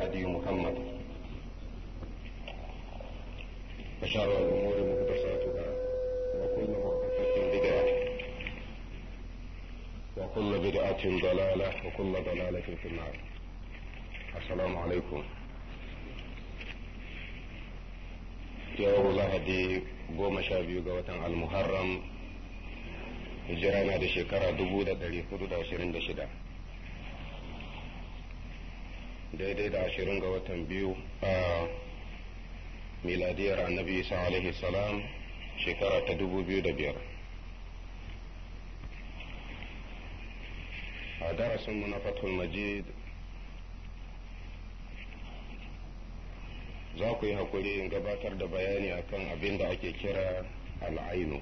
هدي محمد وشر الأمور محدثاتها وكل محدثة بدعة وكل بدعة ضلالة وكل ضلالة في النار السلام عليكم يا الله دي قوم شابي وقوتن المحرم جرانا دي شكرا دبودة دي خدودة وشرين دي شدا daidai da ashirin ga watan biyu a miladiyar annabi isa alaihi salam shekara ta dubu biyu da biyar a darasinmu na fatul majid za ku yi haƙuri in gabatar da bayani akan abin da ake kira al'ainu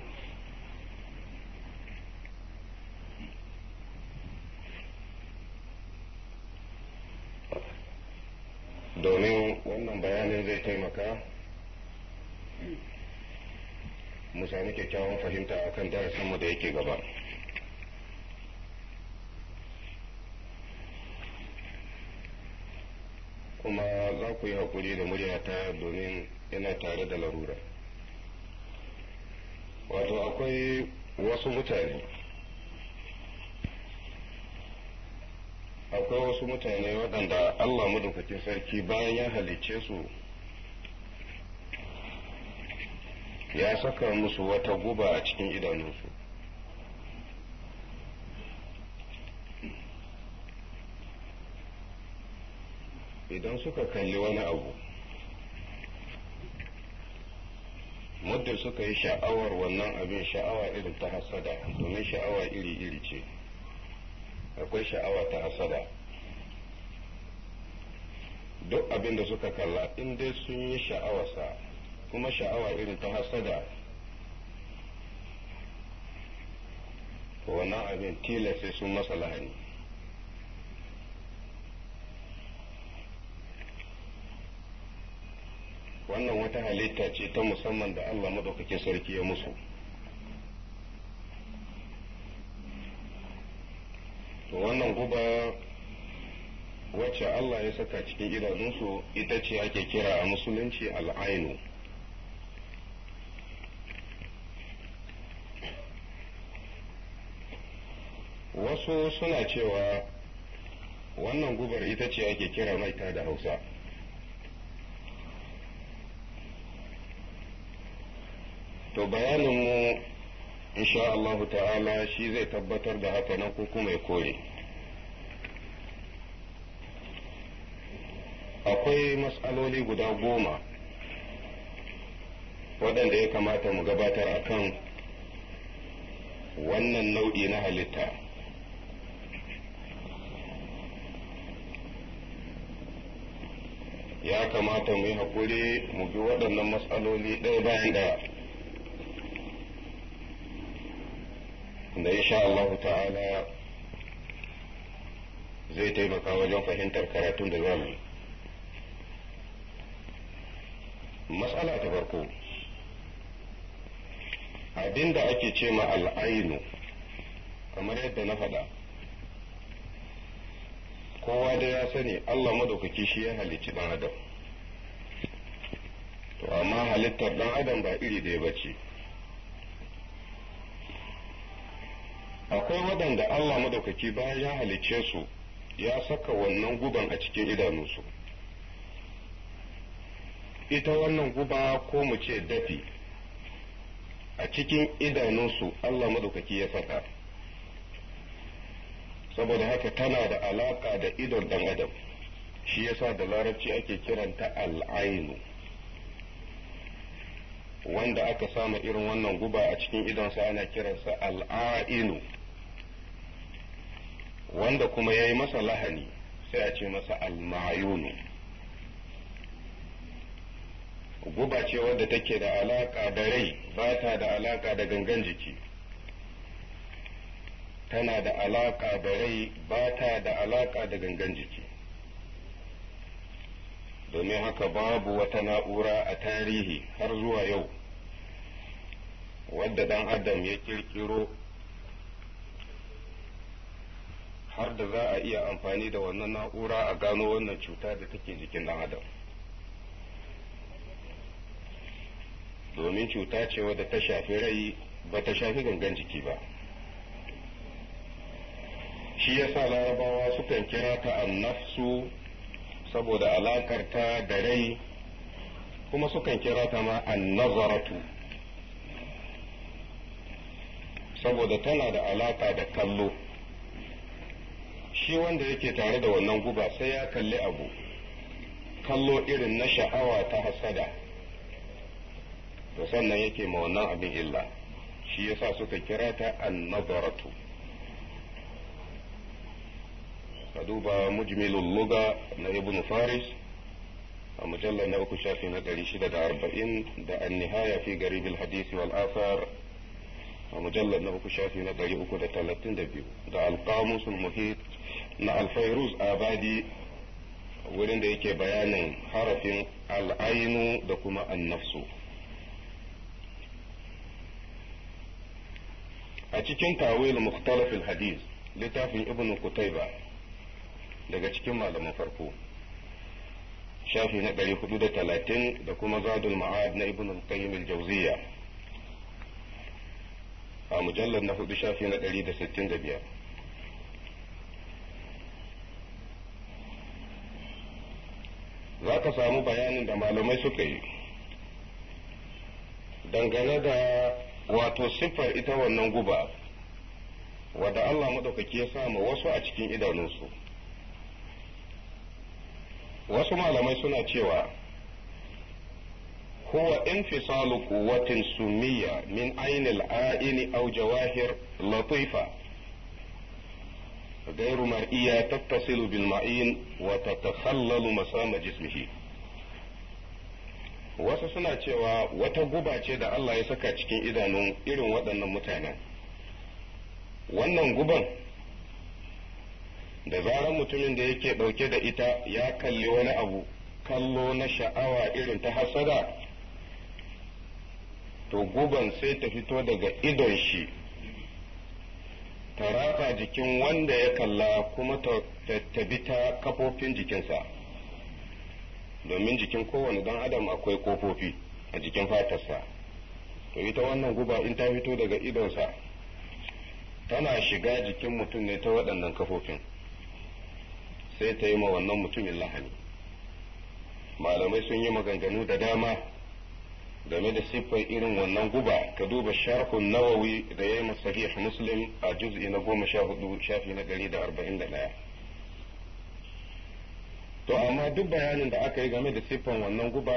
taimaka mu sami kyakkyawan fahimta akan darasinmu da yake gaba kuma za ku yi haƙuri da muryata domin yana tare da larura wato akwai wasu mutane akwai wasu mutane waɗanda allah madaukakin sarki bayan ya halicce su ya saka musu wata guba a cikin idanunsu idan suka kalli wani abu Mudda suka yi sha'awar wannan abin sha'awa irin ta hasada domin sha'awa iri-iri ce akwai sha'awa ta hasada duk abin da suka kalla in dai sun yi sha'awarsa kuma sha'awa irin ta hasada wannan abin tilas sun masa lahani wannan wata halitta ce ta musamman da Allah maɗaukakin sarki ya musu to wannan guba wacce Allah ya saka cikin idanunsu ita ce ake kira a musulunci al'ainu wasu suna cewa wannan gubar ita ce ake kira maita da hausa to bayaninmu insha Allah ta'ala shi zai tabbatar da haka nan ko kuma kore akwai matsaloli guda goma waɗanda ya kamata mu gabatar a kan wannan nau'i na halitta ya kamata mu yi haƙuri mu bi waɗannan matsaloli ɗaya bayan ɗaya da insha Allah ta'ala zai taimaka wajen fahimtar karatun da zamu matsala ta farko abinda ake ce ma al'ainu kamar yadda na faɗa kowa da ya sani Allah madaukaki shi ya halicci dan adam to amma halittar dan adam ba iri da ba ce akwai waɗanda Allah madaukaki bayan ya halicce su ya saka wannan guban a cikin idanunsu ita wannan guba ko mu ce dafi a cikin idanunsu Allah madaukaki ya saka saboda haka tana da alaka da idon dan adam shi yasa da larabci ake kiranta al'ainu wanda aka sama irin wannan guba a cikin idonsa ana kiransa al'ainu wanda kuma ya yi masa lahani sai a ce masa al-mayunu guba ce wadda take da alaka da rai ba ta da alaka da gangan jiki tana da alaƙa da rai ba ta da alaƙa da gangan jiki domin haka babu wata na'ura a tarihi har zuwa yau wadda dan adam ya kirkiro har da za a iya amfani da wannan na'ura a gano wannan cuta da take jikin dan adam domin cuta ce wadda ta shafi rai ba ta shafi gangan jiki ba shi yasa larabawa sukan kira ta annafsu saboda ta da rai kuma sukan kira ta ma annazaratu saboda tana da alaka da kallo shi wanda yake tare da wannan guba sai ya kalli abu kallo irin na sha'awa ta hasada to sannan yake ma wannan abin illa shi yasa suka kira ta annazaratu ka duba mujmilul luga na ibn faris a mujallar na uku shafi na ɗari shida da arba'in da an fi garibil hadisi wal mujallar na uku shafi na uku da talatin da biyu da na abadi wurin da yake bayanin harafin al'ainu da kuma annafsu a cikin tawil mukhtalafil hadis littafin ibn kutaiba daga cikin malaman farko shafi na ɗari hudu da talatin da kuma zadul ma'ad na ibn al-qayyim al-jawziya a mujallar na hudu shafi na ɗari da sittin da biyar za ka samu bayanin da malamai suka yi dangane da wato siffar ita wannan guba wadda Allah maɗaukaki ya sa ma wasu a cikin idanunsu. wasu malamai suna cewa huwa infisalu quwwatin sumiyya min ainil a'ini aw jawahir latifa غير مرئية تتصل بالمعين وتتخلل مسام جسمه wasu suna cewa wata guba ce da Allah ya saka cikin idanun irin waɗannan mutanen wannan guban da zarar mutumin da yake ɗauke da ita ya kalli wani abu kallo na sha'awa irin ta hasada to guban sai ta fito daga idon shi ta rafa jikin wanda ya kalla kuma ta ta kafofin jikinsa domin jikin kowane dan adam akwai kofofi a jikin fatarsa to ita wannan guba in ta fito daga idonsa tana shiga jikin mutum ne ta waɗannan kafofin. sai ta yi ma wannan mutumin lahani malamai sun yi maganganu da dama game da siffar irin wannan guba ka duba sharhun nawawi da ya yi sahih muslim a juz'i na goma sha hudu shafi na gari da arba'in da ɗaya to amma duk bayanin da aka yi game da siffan wannan guba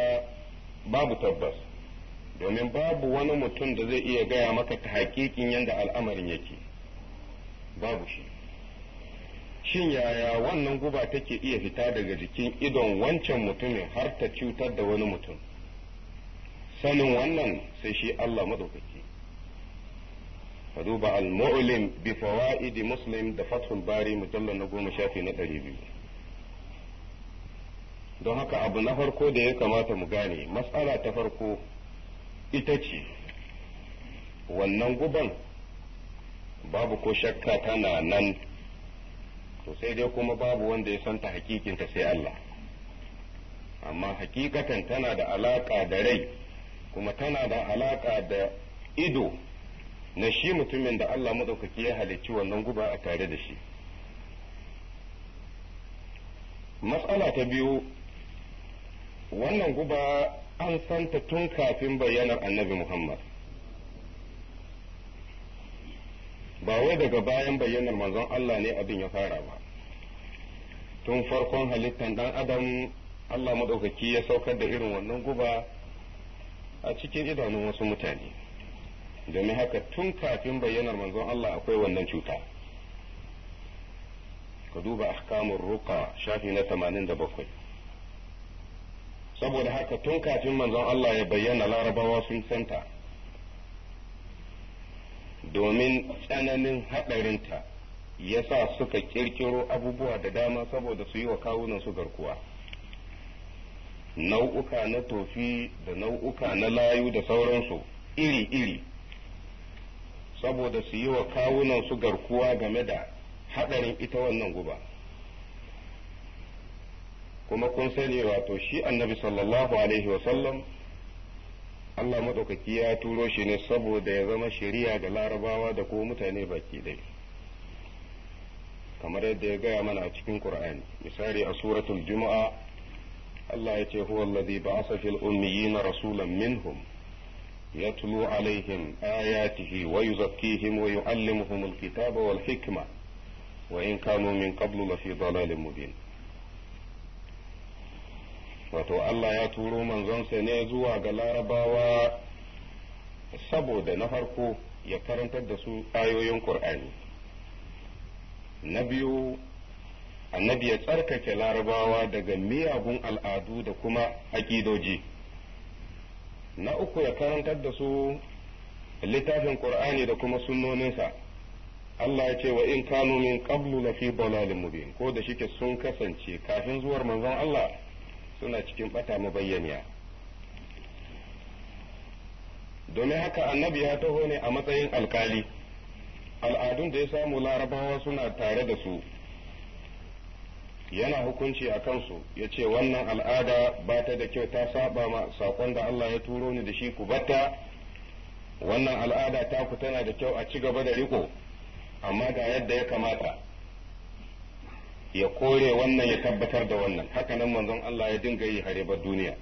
babu tabbas domin babu wani mutum da zai iya gaya maka ta hakikin yadda al'amarin yake babu shi shin yaya wannan guba take iya fita daga jikin idon wancan mutumin har ta cutar da wani mutum sanin wannan sai shi Allah madaukaki fa duba al-mu'lim bi fawaid muslim da fathul bari mujallal na goma shafi na ɗari don haka abu na farko da ya kamata mu gane matsala ta farko ita ce wannan guban babu ko shakka tana nan to sai dai kuma babu wanda ya santa hakikinta sai Allah amma hakikatan tana da alaƙa da rai kuma tana da alaƙa da ido na shi mutumin da Allah madaukaki ya halicci wannan guba a tare da shi matsala ta biyu wannan guba an santa tun kafin bayyanar annabi Muhammad ba wai daga bayan bayyanar manzon Allah ne abin ya fara ba tun farkon halittar dan adam Allah maɗaukaki ya saukar da irin wannan guba a cikin idanun wasu mutane domin haka tun kafin bayyanar manzon Allah akwai wannan cuta ka duba ahkamun ruqa shafi na 87 saboda haka tun kafin manzon Allah ya bayyana larabawa sun santa domin tsananin haɗarinta ya sa suka ƙirƙiro abubuwa da dama saboda su yi wa kawunansu garkuwa nau'uka na tofi da nau'uka na layu da sauransu iri-iri saboda su yi wa kawunansu garkuwa game da haɗarin ita wannan guba kuma kun sani wato shi annabi sallallahu alaihi wasallam Allah maɗaukaki ya turo shi ne saboda ya zama shari'a ga larabawa da ko mutane baki dai kamar yadda ya gaya mana a cikin Qur'ani misali a suratul Juma'a Allah ya ce huwa allazi ba'asa fil ummiyin rasulan minhum yatlu alaihim ayatihi wa yuzakkihim wa yu'allimuhum alkitaba wal hikma wa in kanu min qablu lafi dalalin mubin wato Allah ya turo manzonsa ne zuwa ga larabawa saboda na farko ya karantar da su ayoyin Kur'ani. Na biyu, annabi ya tsarkake larabawa daga miyagun al'adu da kuma aƙidoji. Na uku ya karantar da su littafin Kur'ani da kuma sunnoninsa. Allah ya ce wa in kanu min qablu lafi dalalin mubin ko da shike sun kasance kafin zuwar manzon Allah suna cikin bata mabayyaniya domin haka annabi ya taho ne a matsayin alkali al'adun da ya samu larabawa suna tare da su yana hukunci a kansu ya ce wannan al'ada ba ta da kyau ta saba ma saƙon da Allah ya turo ni da shi ku bata wannan al'ada ta ku tana da kyau a ci gaba da riko amma ga yadda ya kamata ya kore wannan ya tabbatar da wannan haka nan manzon Allah ya dinga yi harebar duniya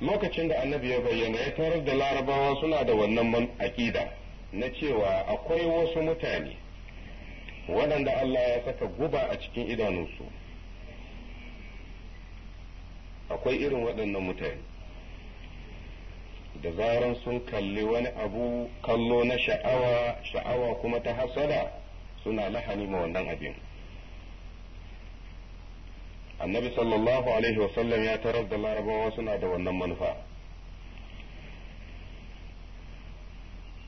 lokacin da annabi ya bayyana ya tarar da larabawa suna da wannan aƙida na cewa akwai wasu mutane waɗanda Allah ya saka guba a cikin idanunsu akwai irin waɗannan mutane da zaran sun kalli wani abu kallo na sha'awa sha'awa kuma ta hasada suna lahani ma wannan abin annabi sallallahu alaihi wasallam ya tarar da larabawa suna da wannan manufa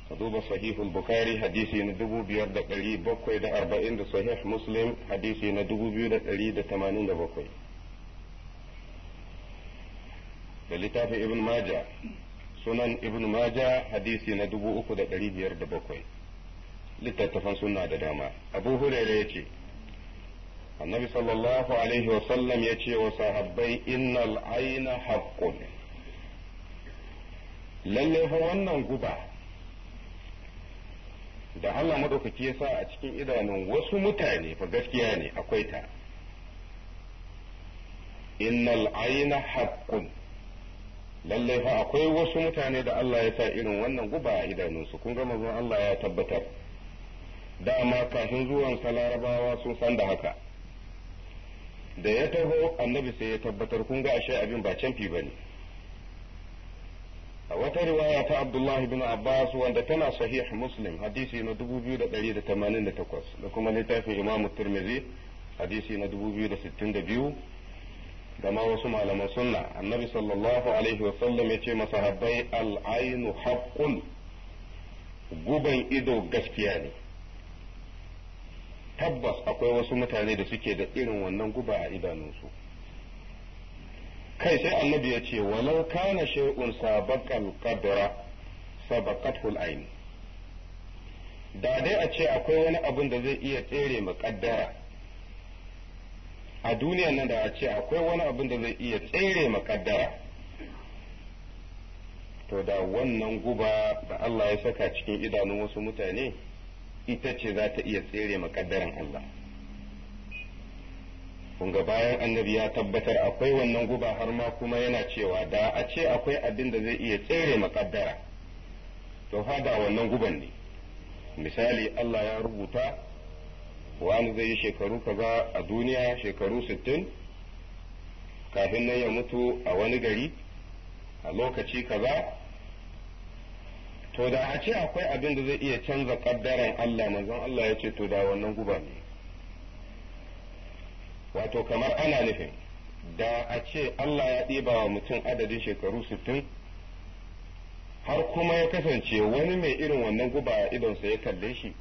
ka duba sahihul bukari hadisi na dubu biyar da ɗari bakwai da arba'in da sahih muslim hadisi na dubu biyu da ɗari da tamanin da bakwai da littafin ibn maja sunan ibn maja hadisi na dubu uku da ɗari biyar da bakwai littattafan suna da dama abu hurairu ya ce annabi sallallahu alaihi wasallam ya ce wa sahabbai innal aina haqqun lalle fa wannan guba da Allah madaukaki ya sa a cikin idanun wasu mutane fa gaskiya ne akwai ta innal aina haqqun lalle fa akwai wasu mutane da Allah ya sa irin wannan guba a idanunsu kun ga manzon Allah ya tabbatar dama kafin zuwan sa larabawa sun san da haka da ya taho annabi sai ya tabbatar kun ga ashe abin ba canfi ba ne a wata riwaya ta abdullahi bin abbas wanda tana sahih muslim hadisi na 2188 da kuma littafin imamu turmizi hadisi na 2062 da ma wasu malaman sunna annabi sallallahu alaihi wasallam ya ce masahabbai al'ainu haqqun guban ido gaskiya ne tabbas akwai wasu mutane da suke da irin wannan guba a idanunsu kai sai annabi ya ce walau kana shay'un sabaqal qadra al ayn da dai a ce akwai wani abun da zai iya tsere ma kaddara a duniyan nan da a ce akwai wani abun da zai iya tsere ma kaddara to da wannan guba da Allah ya saka cikin idanun wasu mutane ita ce za ta iya tsere makaddaran Allah kunga bayan annabi ya tabbatar akwai wannan guba har ma kuma yana cewa da a ce akwai abin da zai iya tsere makaddara to hada wannan guban ne misali Allah ya rubuta wani zai yi shekaru kaza a duniya shekaru sittin kafin nan ya mutu a wani gari a lokaci kaza to da a ce akwai abin da zai iya canza kaddaran Allah manzon Allah ya ce to da wannan guba ne wato kamar ana nufin da a ce Allah ya ɗiba wa mutum adadin shekaru sittin har kuma ya kasance wani mai irin wannan guba a idonsa ya kalle shi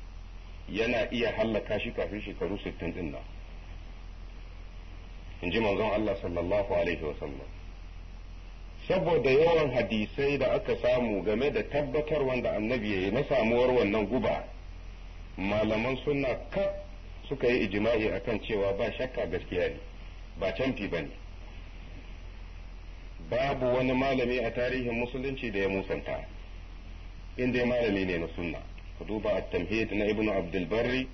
yana iya hallaka shi kafin shekaru sittin din nan in ji manzon Allah sallallahu alaihi wasallam saboda yawan hadisai da aka samu game da tabbatar wanda annabi ya yi na samuwar wannan guba malaman suna kaf suka yi ijima'i akan cewa ba shakka gaskiya ne ba canfi ba ne babu wani malami a tarihin musulunci da ya musanta in dai malami ne na sunna ka duba at na ibnu abdulbarri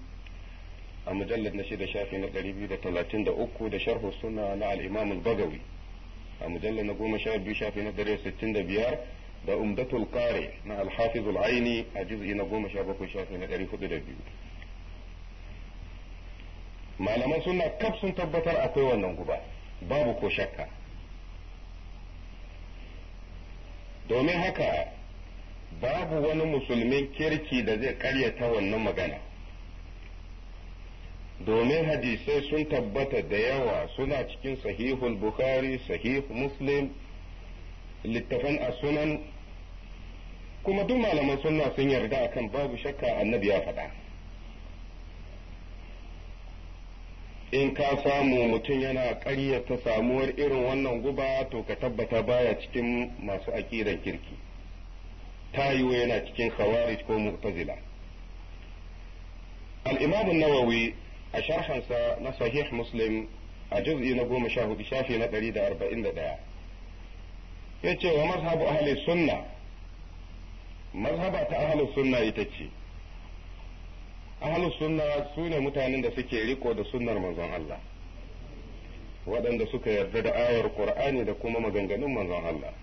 a mujallar na shida shafi na 233 da sharhu sunna na al-imam al-bagawi a mujallar na goma sha biyu shafi na dare sittin da biyar da umdatul qari na alhafizul aini a juz'i na goma sha bakwai shafi na ɗari hudu da biyu malaman suna kaf sun tabbatar akwai wannan guba babu ko shakka domin haka babu wani musulmin kirki da zai karyata wannan magana domin hadisai sun tabbata da yawa suna cikin sahihul bukhari sahih muslim littafan as kuma duk malaman suna sun yarda akan babu shakka annabi ya faɗa in ka samu mutum yana ƙaryata samuwar irin wannan guba to ka tabbata baya cikin masu aƙidan kirki ta yana cikin khawarij ko mu'tazila al-imam an-nawawi a shafinsa na sahih muslim a juz'i na goma sha hudu shafi na ɗari da arba'in da ɗaya ya ce wa mazhabu ahli sunna mazhaba ta ahli sunna ita ce ahli sunna su ne mutanen da suke riko da sunnar manzon Allah waɗanda suka yarda da ayar qur'ani da kuma maganganun manzon Allah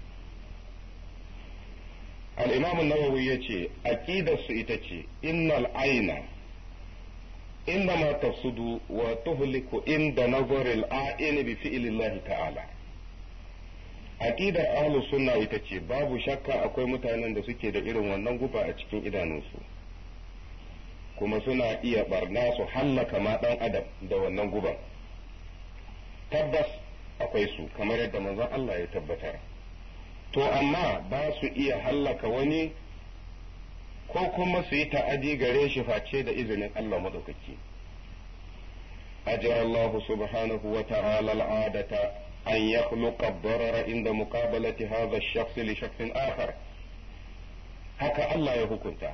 al-imam an-nawawi yace aqidar su ita ce innal aina إنما تفسد وتهلك عند نظر الآئين بفعل الله تعالى aƙidar alu suna ita ce babu shakka akwai mutanen da suke da irin wannan guba a cikin idanunsu kuma suna iya barna su hallaka ma ɗan adam da wannan guba tabbas akwai su kamar yadda manzon Allah ya tabbatar to amma ba su iya hallaka wani ko kuma su yi ta'adi gare shi face da izinin Allah madaukaki ajara Allah subhanahu wa ta'ala al'adata an yakhluqa darara inda muqabalati hadha ash li akhar haka Allah ya hukunta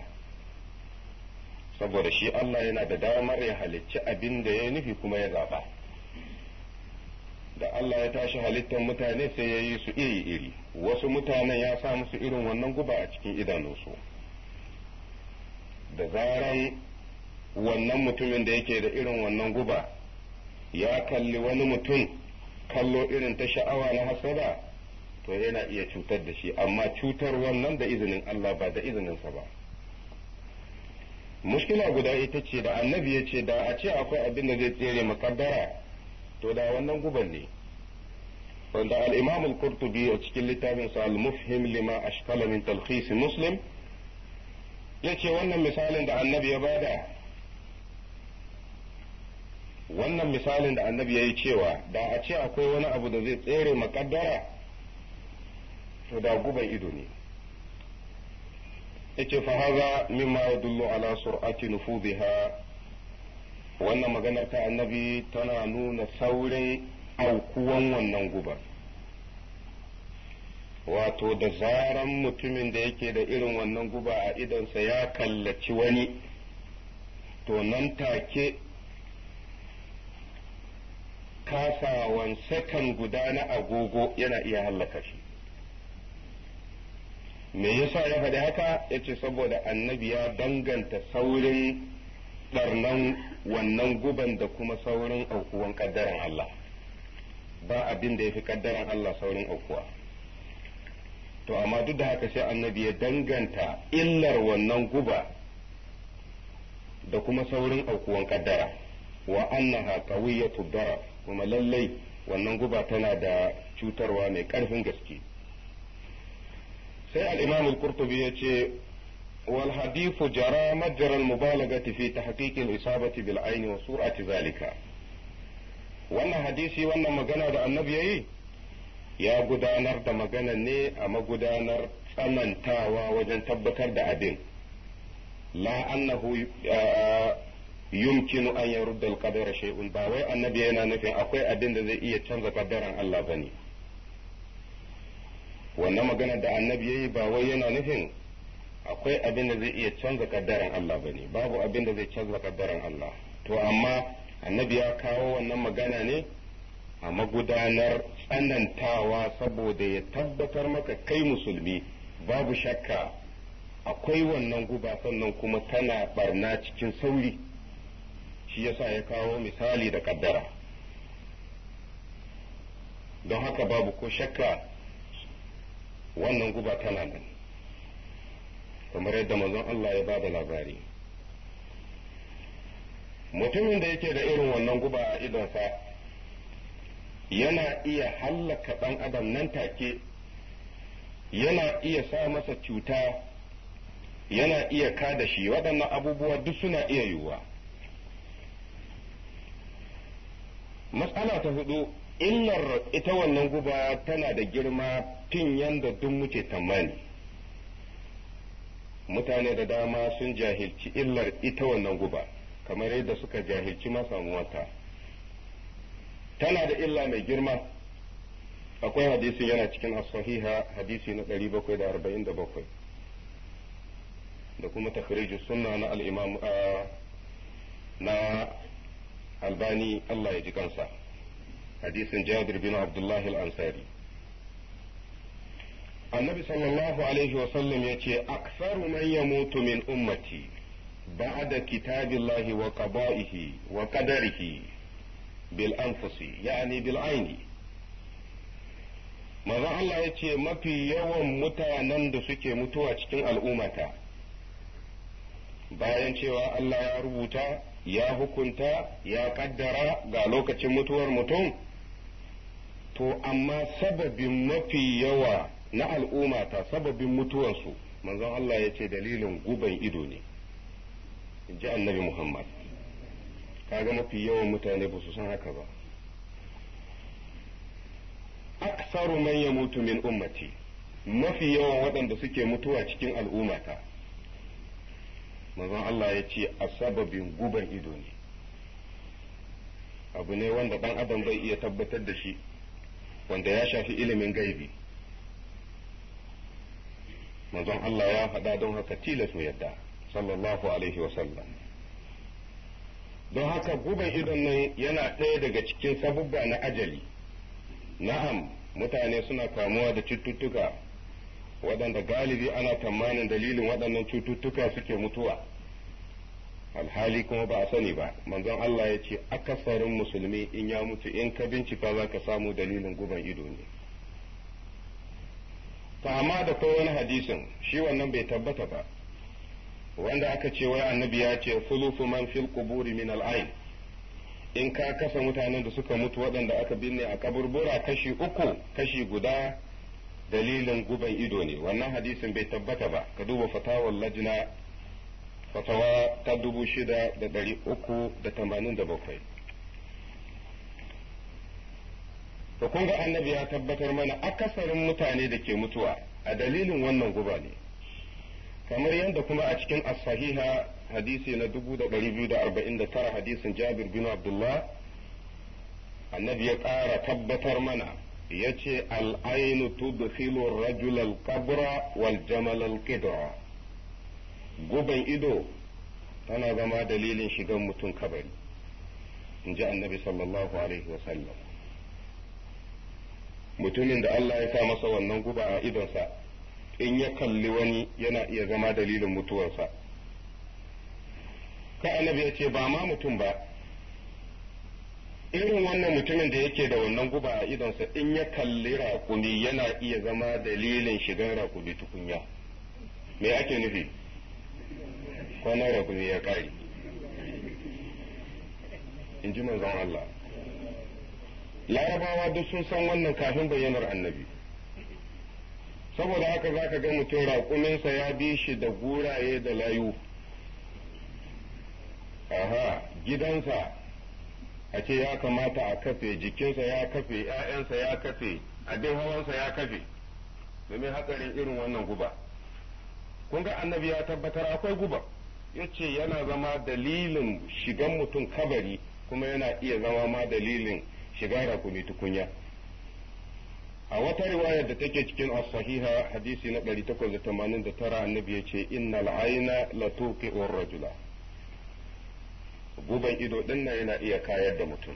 saboda shi Allah yana da damar ya halicci abin da ya nufi kuma ya zaba da Allah ya tashi halittar mutane sai ya yi su iri-iri wasu mutanen ya sa musu irin wannan guba a cikin idanunsu da zaran wannan mutumin da yake da irin wannan guba ya kalli wani mutum kallo irin ta sha'awa na hasada to yana iya cutar da shi amma cutar wannan da izinin Allah ba da izininsa ba mushkila guda ita ce da annabi ya ce da a ce akwai abin da zai tsere makaddara to da wannan guban ne wanda al-imam al-qurtubi a cikin littafin sa al-mufhim lima ashkala min talkhis muslim yace wannan misalin da annabi ya bada wannan misalin da annabi ya yi cewa da a ce akwai wani abu da zai tsere makaddara to da guban ido ne yace fa haza mimma yadullu ala sur'ati nufudhiha wannan maganar ta annabi tana nuna saurin aukuwan wannan gubar wato da zaran mutumin da yake da irin wannan guba a idonsa ya kallaci wani to nan take kasawan sakan guda na agogo yana iya hallaka shi me yasa ya faɗi haka ya ce saboda annabi ya danganta saurin ɗarnan wannan guban da kuma saurin aukuwan ƙaddaren Allah ba abin da ya fi ƙaddaren Allah saurin aukuwa. to amma duk da haka sai annabi ya danganta illar wannan guba da kuma saurin aukuwan kaddara wa annaha qawiyatu darar kuma lallai wannan guba tana da cutarwa mai karfin gaske sai al-imam al-qurtubi ya ce wal hadithu jara majra al-mubalaghati fi tahqiq al-isabati bil ayn wa zalika wannan hadisi wannan magana da annabi yayi ya gudanar da magana ne a magudanar tsanantawa wajen tabbatar da abin la annahu eh, eh, yumkinu an yarudda al shay'un ba wai annabi yana nufin akwai abin da zai iya canza kaddaran Allah bane wannan magana da annabi yayi ba wai yana nufin akwai abin da zai iya canza kaddaran Allah bane babu abin da zai canza kaddaran Allah to amma annabi ya kawo wannan magana ne a magudanar tsanantawa saboda ya tabbatar maka kai musulmi babu shakka akwai wannan guba sannan kuma tana barna cikin sauri shi yasa ya kawo misali da kaddara don haka babu ko shakka wannan guba tana nan kamar yadda manzon Allah ya bada labari mutumin da yake da irin wannan guba a idonsa yana iya hallaka ɗan adam nan take yana iya sa masa cuta yana iya kada shi waɗannan abubuwa duk suna iya yiwuwa matsala ta hudu illar ita wannan guba tana da girma fin yadda duk muke tamani mutane da dama sun jahilci illar ita wannan guba kamar yadda suka jahilci masamuwata tana da illa mai girma akwai hadisin yana cikin as-sahiha hadisi na 747 da kuma takhrij sunna na al-imam ah, na albani Allah ya ji kansa hadisin Jabir bin Abdullah al-Ansari annabi sallallahu alaihi wa ya ce aktharu man yamutu min ummati ba'da kitabillahi wa qada'ihi wa qadarihi bil'anfusi يعني بالعين manzo Allah ya ce mafi yawan mutanen da suke mutuwa cikin al'ummata bayan cewa Allah ya rubuta ya hukunta ya kaddara ga lokacin mutuwar mutum to amma sababin mafi yawa na al'ummata sababin mutuwarsu manzon Allah ya ce dalilin guban ido ne in ji annabi Muhammad kaga mafi yawan mutane ba su san haka ba aksaru man yamutu min ummati mafi yawan waɗanda suke mutuwa cikin al'ummata manzon Allah ya ce a sababin guban ido ne abu ne wanda ɗan adam bai iya tabbatar da shi wanda ya shafi ilimin gaibi manzon Allah ya faɗa don haka tilas mu yadda sallallahu alaihi wasallam don haka guban idon nan yana ɗaya daga cikin sabubba na ajali na'am mutane suna kamuwa da cututtuka waɗanda galibi ana tamanin dalilin waɗannan cututtuka suke mutuwa alhali kuma ba a sani ba manzon Allah ya ce akasarin musulmi in ya mutu in ka bincika za ka samu dalilin guban ido ne ta amma da wani hadisin shi wannan bai tabbata ba wanda aka ce wai annabi ya ce sulufu man fil quburi min al ayn in ka kasa mutanen da suka mutu waɗanda aka binne a kaburbura kashi uku kashi guda dalilin guban ido ne wannan hadisin bai tabbata ba ka duba fatawar lajina fatawa ta dubu shida da ɗari uku da tamanin da bakwai to kun ga annabi ya tabbatar mana akasarin mutane da ke mutuwa a dalilin wannan guba ne kamar yadda kuma a cikin as-sahiha hadisi na 2249 hadisin Jabir bin Abdullah annabi ya ƙara tabbatar mana ya ce ainu tudkhilu ar-rajul al-qabra wal jamal al-qidra guban ido tana zama dalilin shigan mutum kabari in ji annabi sallallahu alaihi wasallam mutumin da Allah ya sa masa wannan guba a idonsa in ya kalli wani yana iya zama dalilin mutuwarsa ka annabi ya ce ba ma mutum ba irin wannan mutumin da yake da wannan guba a idonsa in ya kalli raƙumi yana iya zama dalilin shigar raƙumi tukunya me ake nufi kwanan raƙumi ya ƙari in ji Allah larabawa duk sun san wannan kafin bayyanar annabi saboda haka za ka ga mutum raƙuminsa ya bi shi da guraye da layu aha gidansa a ce ya kamata a kafe jikinsa ya kafe ‘ya'yansa ya kafe abin hawansa ya kafe domin hatsarin irin wannan guba kun ga annabi ya tabbatar akwai guba ya ce yana zama dalilin shigan mutum kabari kuma yana iya zama ma dalilin shiga rakumi tukunya a wata riwayar da take cikin as-sahiha hadisi na 889 annabi yace innal ayna la tuqi'u rajula guban ido din nan yana iya kayar da mutum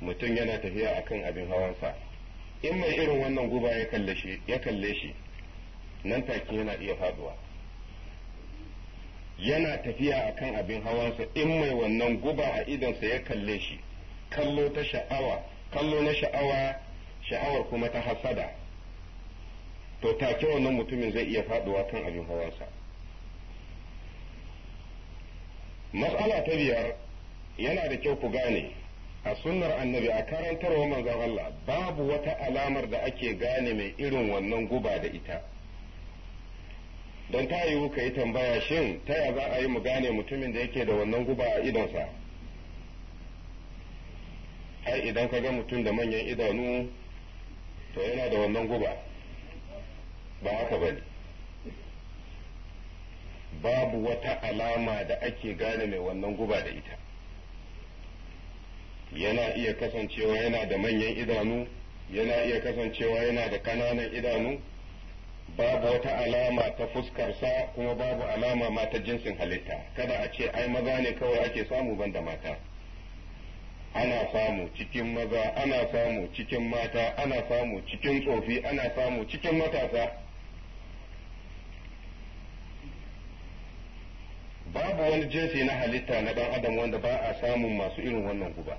mutum yana tafiya akan abin hawansa in mai irin wannan guba ya kalle shi ya kalle shi nan take yana iya faduwa yana tafiya akan abin hawansa in mai wannan guba a idonsa ya kalle shi kallo ta sha'awa kallo na sha'awa sha'awar kuma ta hasada to take wannan mutumin zai iya faduwa kan abin hawansa mas'ala ta biyar yana da kyau ku gane a sunnar annabi a karantarwa manzon Allah babu wata alamar da ake gane mai irin wannan guba da ita don ta yiwu ka yi tambaya shin ta yaya za a yi mu gane mutumin da yake da wannan guba a idonsa har idan ka ga mutum da manyan idanu to yana da wannan guba ba haka ba ne babu wata alama da ake gane mai wannan guba da ita yana iya kasancewa yana da manyan idanu yana iya kasancewa yana da ƙananan idanu babu wata alama ta fuskarsa kuma babu alama ma ta jinsin halitta kada a ce ai maza ne kawai ake samu banda mata ana samu cikin maza ana samu cikin mata ana samu cikin tsofi ana samu cikin matasa babu wani jinsi na halitta na dan adam wanda ba a samun masu irin wannan guba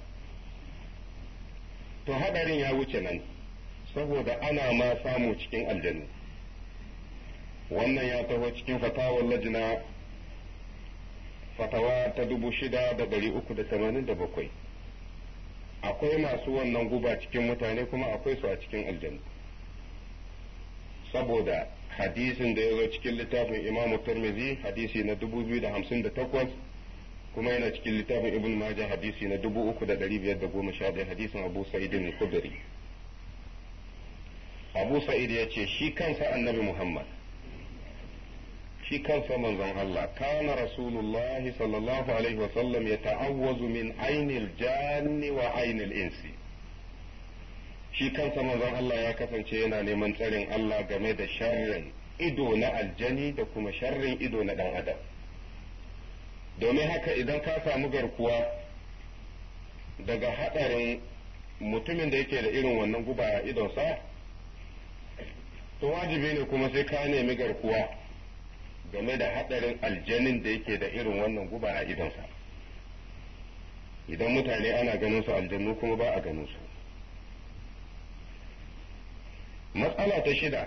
to hadarin ya wuce nan saboda ana ma samu cikin aljanu wannan ya taho cikin fatawar lajina fatawa ta dubu shida da dari uku da tamanin da bakwai akwai masu wannan guba cikin mutane kuma akwai su a cikin aljanu saboda hadisin da ya zo cikin littafin Imam tirmidhi hadisi na 2058 kuma yana cikin littafin ibn majah hadisi na 3511 hadisin abu sa'id al-khudri abu sa'id ya ce shi kansa annabi muhammad shi kansa manzon Allah kana rasulullahi sallallahu alaihi wa sallam yata'awwazu min ainil janni wa ainil insi shi kansa manzon Allah ya kasance yana neman tsarin Allah game da sharrin ido na aljani da kuma sharrin ido na ɗan adam domin haka idan ka samu garkuwa daga hadarin mutumin da yake da irin wannan guba a idonsa to wajibi ne kuma sai ka nemi garkuwa game da hadarin aljanin da yake da irin wannan guba a idonsa idan mutane ana ganin su aljannu kuma ba a ganin su matsala ta shida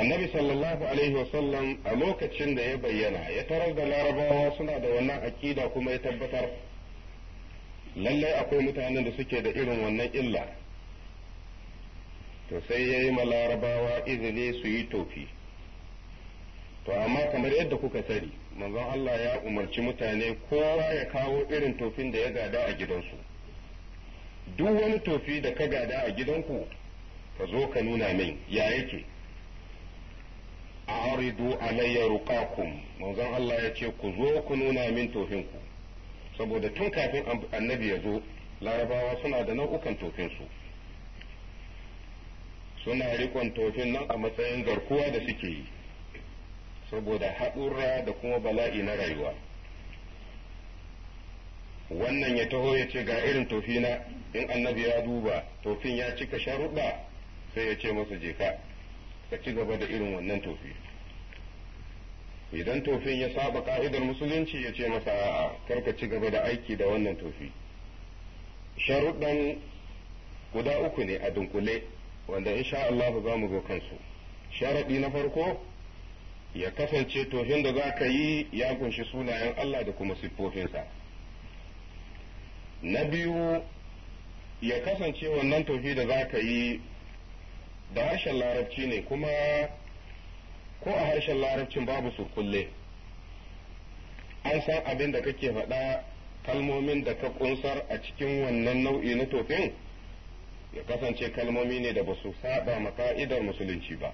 annabi sallallahu alaihi wasallam a lokacin da ya bayyana ya tarar da larabawa suna da wannan akida kuma ya tabbatar lallai akwai mutanen da suke da irin wannan illa to sai ya yi ma larabawa izini su yi tofi to amma kamar yadda kuka sani manzon Allah ya umarci mutane kowa ya kawo irin tofin da ya gada a gidansu duk wani tofi da ka gada a gidanku ka zo ka nuna min ya yake aridu alayya ruqakum manzon Allah ya ce ku zo ku nuna min tofinku saboda tun kafin annabi ya zo larabawa suna da nau'ukan tofinsu suna rikon tofin nan a matsayin garkuwa da suke yi saboda haɗurra da kuma bala'i na rayuwa wannan ya taho ya ce ga irin tofina in annabi ya duba tofin ya cika sharuɗa sai ya ce masa je ka ci gaba da irin wannan tofi idan tofin ya saba ka'idar musulunci ya ce masa a'a kar ka ci gaba da aiki da wannan tofi sharuɗan guda uku ne a dunkule wanda insha Allah za mu zo kansu sharaɗi na farko ya kasance tohin da za ka yi ya kunshi sunayen Allah da kuma siffofinsa na biyu ya kasance wannan tofi da za ka yi da harshen larabci ne kuma ko a harshen larabcin babu su kulle an san abin da kake faɗa kalmomin da ka kunsar a cikin wannan nau'i na tofin ya kasance kalmomi ne da ba su saba ma ka'idar musulunci ba.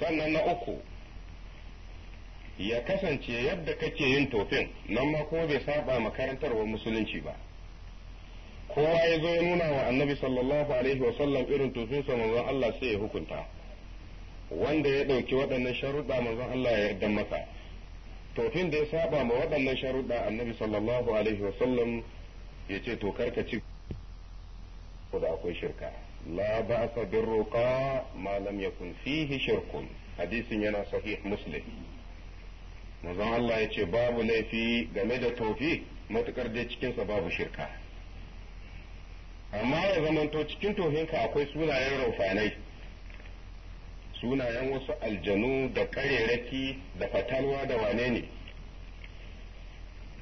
sannan na uku ya kasance yadda kake yin tofin nan ma ko bai saba makarantarwar musulunci ba kowa ya zo ya nuna wa annabi sallallahu alaihi wa sallam irin sa manzon Allah sai ya hukunta wanda ya ɗauki waɗannan sharuɗa manzon Allah ya yarda masa tofin da ya saba ma waɗannan sharuɗa annabi sallallahu alaihi wa sallam ya ce to karka ci ko da akwai shirka لا بأس بالرقاء ما لم يكن فيه شرك حديث ينا صحيح مسلم manzon Allah ya ce babu laifi game da tofi matukar dai cikinsa babu shirka amma ya zamanto cikin tofinka akwai sunayen rufanai sunayen wasu aljanu da kareraki da fatalwa da wane ne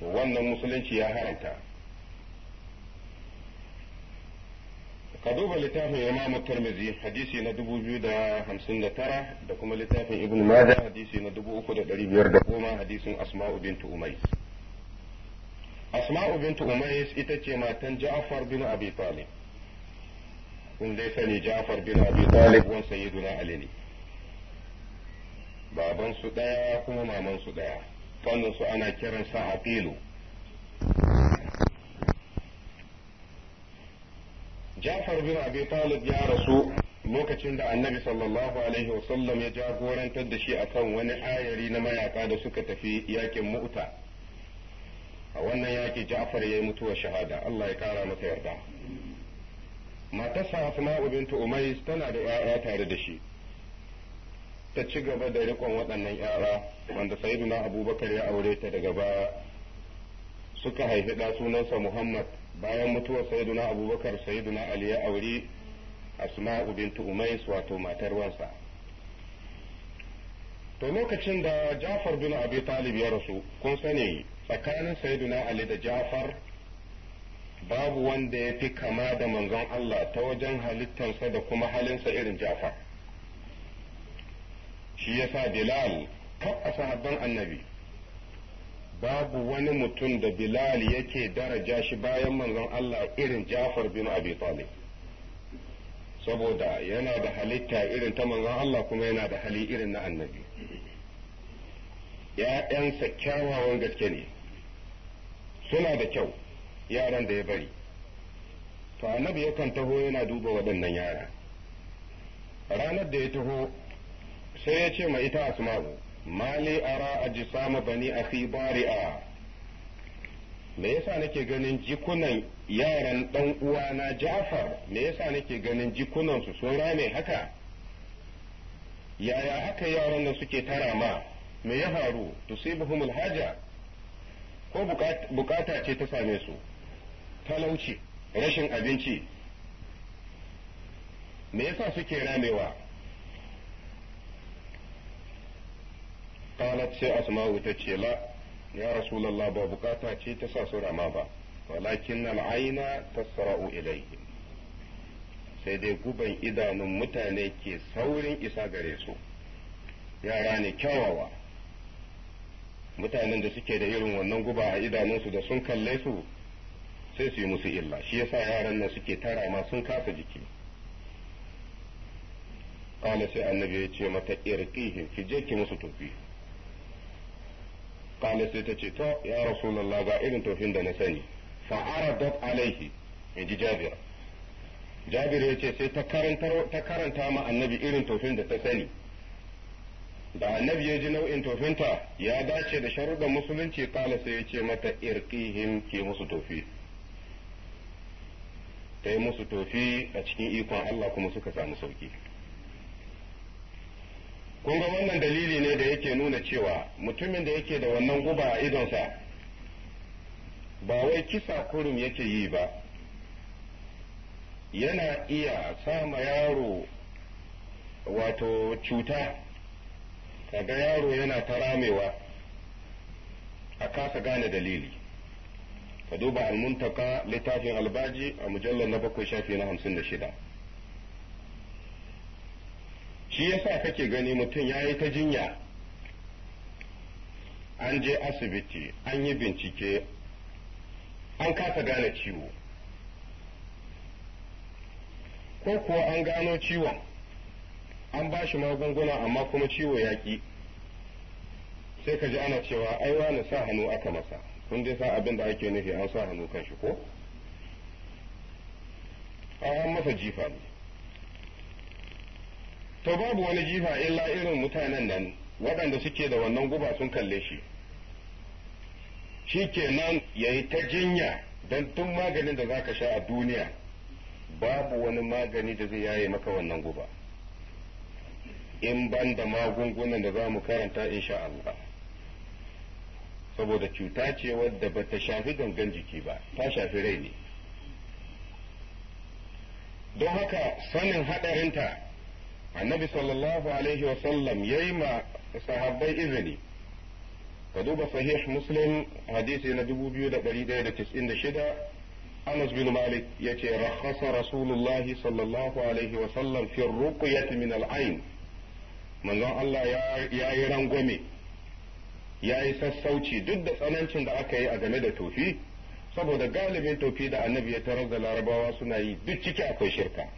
wannan musulunci ya haramta. ka duba littafin imam turmizi hadisi na dubu biyu da hamsin da tara da kuma littafin ibn maja hadisi na dubu uku da ɗari biyar da goma hadisin asma'u bintu umais asma'u ita ce matan ja'far bin abi kun dai sani ja'far bin abi talib wan sayyiduna ali ne baban su daya kuma maman su daya kanin su ana kiransa aqilu Jafar bin Abi Talib ya rasu lokacin da annabi sallallahu alaihi wasallam ya jagorantar da shi akan wani ayari na mayaka da suka tafi yakin mu'ta a wannan yaki Ja'far ya yi mutuwa shahada Allah ya kara masa yarda matarsa Asma'u bintu Umays tana da ƴaƴa tare da shi ta ci gaba da rikon waɗannan ƴaƴa wanda Sayyiduna Abubakar ya aure ta daga baya suka haifi ɗa sunansa Muhammad bayan mutuwar sayyiduna abubakar sayyiduna ali ya auri asma'u bintu umais wato matar wansa to lokacin da jafar bin abi talib ya rasu kun sani tsakanin sayyiduna ali da jafar babu wanda ya fi kama da manzon Allah ta wajen halittarsa da kuma halinsa irin jafar shi yasa bilal kaf a sahabban annabi babu wani mutum da Bilal yake daraja shi bayan manzon Allah irin Jafar bin Abi Talib saboda yana da halitta irin ta manzon Allah kuma yana da hali irin na annabi ‘ya'yansa kyawawan gaske ne suna da kyau yaran da ya bari to annabi yakan taho yana duba waɗannan yara ranar da ya taho sai ya ce ma ita asma'u mali ara ajsama bani bari bari'a me yasa nake ganin jikunan yaran dan uwana Ja'far me yasa nake ganin jikunansu? su sun rame haka yaya haka yaran nan suke tara ma me ya faru tusibuhumul haja ko bukata ce ta same su talauci rashin abinci me yasa suke ramewa قالت sai asma'u ta ce la ya rasulullah ba buƙata ce ta sa su rama ba walakin al'aina tasra'u ilayhi sai dai guban idanun mutane ke saurin isa gare su yara ne kyawawa mutanen da suke da irin wannan guba a idanunsu da sun kalle su sai su yi musu illa shi yasa yaran nan suke tara ma sun kasa jiki kala sai annabi ya ce mata irqihi ki je ki musu tofi قالت تتشي تو يا رسول الله قائل توفين دنا سني فعرضت عليه إن جابر جابر يتشي سي تكرن تاما النبي إرن توفين دنا سني da annabi ya ji nau'in tofinta ya dace da sharuɗan musulunci kala sai ya ce mata irqihim ke musu tofi ta yi musu tofi a cikin ikon Allah kuma suka samu sauki kun ga wannan dalili ne da yake nuna cewa mutumin da yake da wannan guba a idonsa ba wai kisa kurum yake yi ba yana iya sama yaro wato cuta kaga yaro yana ta ramewa a kasa gane dalili ka duba almuntaka littafin albaji a mujallar na bakwai shafi na hamsin da shida shi yasa kake gani mutum ya yi ta jinya an je asibiti an yi bincike an kasa gane ciwo ko kuwa an gano ciwon an ba shi magunguna amma kuma ciwo ya sai ka ji ana cewa ai wani sa hannu aka masa kun dai sa abin da ake nufi an sa hannu kan shi ko an masa jifa ne to babu wani jifa illa irin mutanen nan waɗanda suke da wannan guba sun kalle shi shi kenan ya yi ta jinya don tun maganin da zaka sha a duniya babu wani magani da zai yaye maka wannan guba in ban da magungunan da za mu karanta insha Allah saboda cuta ce wadda ba ta shafi gangan jiki ba ta shafi rai ne don haka sanin haɗarinta annabi sallallahu alaihi wasallam ya yi ma sahabai izini ka duba sahih muslim hadisi na 2196 anas bin malik ya ce rakhasa rasulullahi sallallahu alaihi wasallam fi ruqyati min al'ain manzon Allah ya yi rangwame ya yi sassauci duk da tsanancin da aka yi a game da tofi saboda galibin tofi da annabi ya tarar da larabawa suna yi duk ciki akwai shirka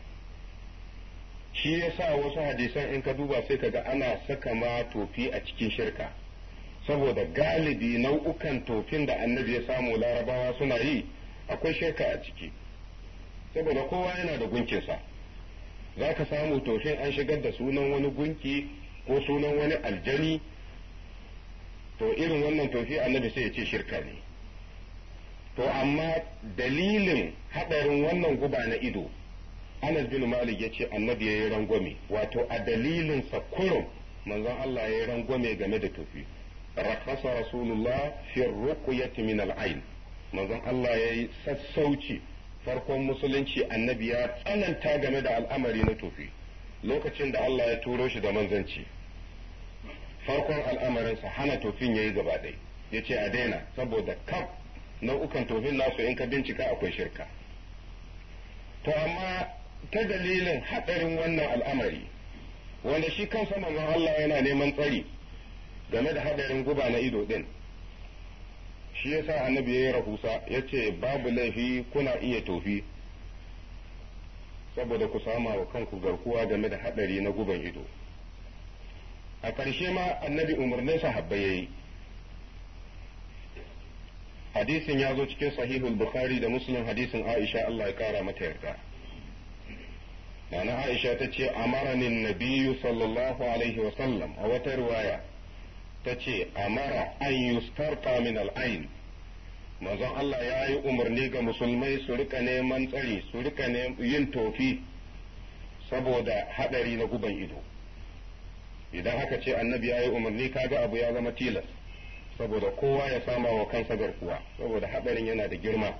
shi ya sa wasu hadisan in ka duba sai kaga ana saka ma tofi a cikin shirka saboda galibi nau'ukan tofin da annabi ya samu larabawa suna yi akwai shirka a ciki saboda kowa yana da gunkinsa za ka samu tofin an shigar da sunan wani gunki ko sunan wani aljani to irin wannan tofi annabi sai ya ce shirka ne to amma dalilin haɗarin wannan guba na ido Anas bin Malik ya ce annabi ya yi rangwame wato a dalilin sa kurum manzon Allah ya yi rangwame game da tafi rakasa rasulullah fi ruqyati min al-ayn manzon Allah ya yi sassauci farkon musulunci annabi ya tsananta game da al'amari na tafi lokacin da Allah ya turo shi da manzanci farkon al'amarin sa hana tofin yayi yi gaba ya ce a daina saboda kaf nau'ukan tofin nasu in ka bincika akwai shirka to amma ta dalilin haɗarin wannan al'amari wanda shi kansa manzon Allah yana neman tsari game da haɗarin guba na ido din, shi yasa annabi ya yi rahusa ya ce babu laifi kuna iya tofi saboda ku sama wa kanku garkuwa game da haɗari na guban ido a ƙarshe ma annabi umarnin sahabba ya yi hadisin ya zo cikin sahihul bukhari da muslim hadisin aisha Allah ya kara mata yarda nana aisha ta ce amaranin nabiyu sallallahu alaihi wasallam a wata riwaya ta ce amara an yustarta min al'ain manzon Allah ya yi umarni ga musulmai su rika neman tsari su rika yin tofi saboda hadari na guban ido idan haka ce annabi ya yi umarni kaga abu ya zama tilas saboda kowa ya sama wa kansa garkuwa saboda hadarin yana da girma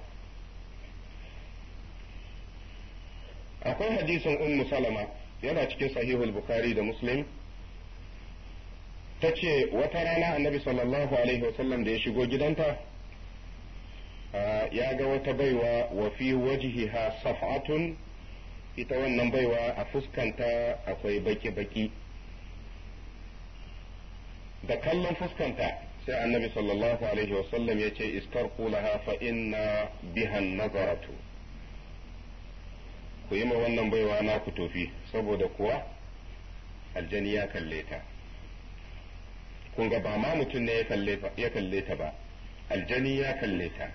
akwai hadisin ummu salama yana cikin sahihul bukhari da muslim ta ce wata rana annabi sallallahu alaihi wasallam da ya shigo gidanta ya ga wata baiwa wa fi wajhiha saf'atun ita wannan baiwa a fuskanta akwai baki-baki da kallon fuskanta sai annabi sallallahu alaihi wasallam ya ce istar laha fa inna bihan nazaratu ku yi ma wannan baiwa na ku tofi saboda kuwa aljani ya kalle ta kun ga ba ma mutum ne ya kalle ta ba aljani ya kalle ta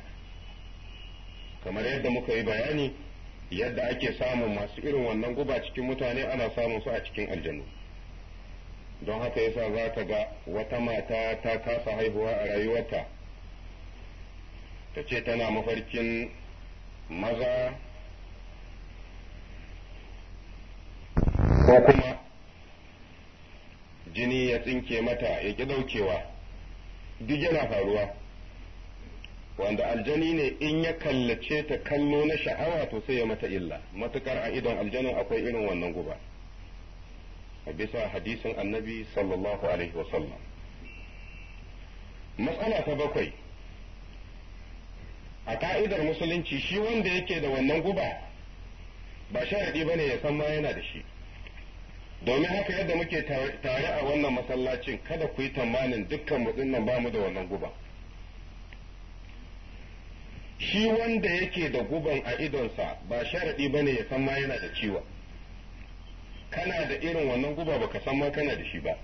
kamar yadda muka yi bayani yadda ake samun masu irin wannan guba cikin mutane ana samun su a cikin aljanu don haka yasa za ka ga wata mata ta kasa haihuwa a rayuwarta ta ce tana mafarkin maza ko kuma jini ya tsinke mata ya ƙi ɗaukewa duk yana faruwa wanda aljani ne in ya kallace ta kallo na sha'awa to sai ya mata illa matukar a idon aljanin akwai irin wannan guba a bisa hadisin annabi sallallahu alaihi wasallam matsala ta bakwai a ka'idar musulunci shi wanda yake da wannan guba ba sharaɗi ba ne ya san ma yana da shi domin haka yadda muke tare a wannan masallacin kada ku yi tamanin dukkan mutum nan bamu da wannan guba shi wanda yake da guban a idonsa ba sharaɗi bane ya san ma yana da ciwon kana da irin wannan guba baka san ma kana da shi ba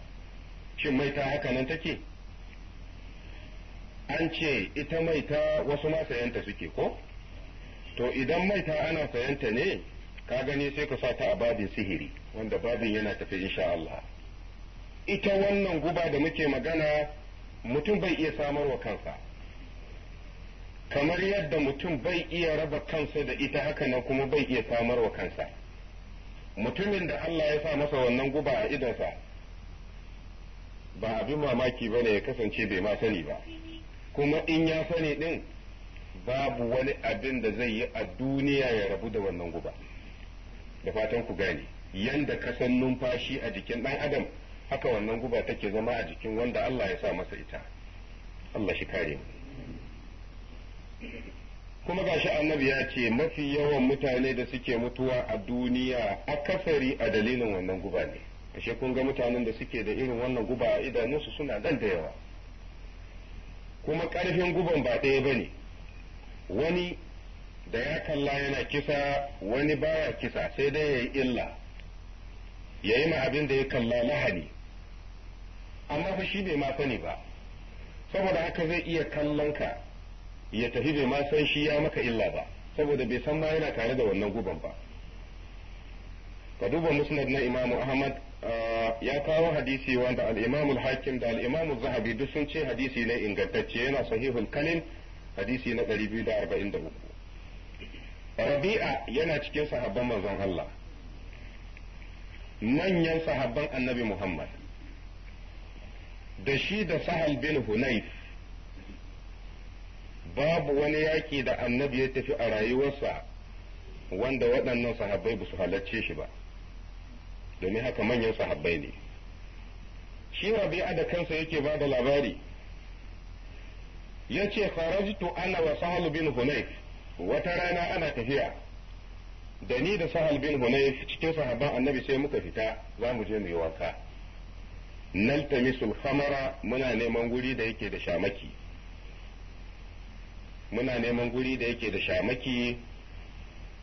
shin maita haka nan take an ce ita maita wasu ma sayanta suke ko to idan maita ana sayanta ne ka gani sai ka sa ta a babin sihiri wanda babin yana tafi insha Allah ita wannan guba da muke magana mutum bai iya samarwa kansa kamar yadda mutum bai iya raba kansa da ita haka nan kuma bai iya samarwa kansa mutumin da Allah ya sa masa wannan guba a idonsa ba abin mamaki ba ne ya kasance bai ma sani ba kuma in ya sani din babu wani abin da zai yi a duniya ya rabu da wannan guba. da fatan ku gane yanda kasan numfashi a jikin ɗan adam haka wannan guba take zama a jikin wanda Allah ya sa masa ita Allah shi kare mu kuma gashi annabi ya ce mafi yawan mutane da suke mutuwa a duniya a akasari a dalilin wannan guba ne ashe kun ga mutanen da suke da irin wannan guba a idanunsu suna dan da yawa kuma ƙarfin guban ba ɗaya ba wani da ya kalla yana kisa wani baya kisa sai dai ya yi illa ya yi ma abin da ya kalla lahani amma fa shi bai ma sani ba saboda haka zai iya kallon ka ya tafi bai ma san shi ya maka illa ba saboda bai san ma yana tare da wannan guban ba ka duba musnad na imamu ahmad ya kawo hadisi wanda al hakim da al-imamu zahabi duk sun ce hadisi ne ingantacce yana sahihul kalim hadisi na 243 rabi'a yana cikin sahabban manzon Allah manyan sahabban annabi Muhammad da shi da sahal bin hunayf babu wani yaƙi da annabi ya tafi a rayuwarsa wanda waɗannan sahabbai ba su halarce shi ba domin haka manyan sahabbai ne shi rabi'a da kansa yake ba da labari ya ce kharajtu ana wa sahal bin hunayf wata rana ana tafiya da ni da sahal bin hunayf cikin sahabban annabi sai muka fita za mu je mu yi wanka naltamisul khamara muna neman guri da yake da shamaki muna neman guri da yake da shamaki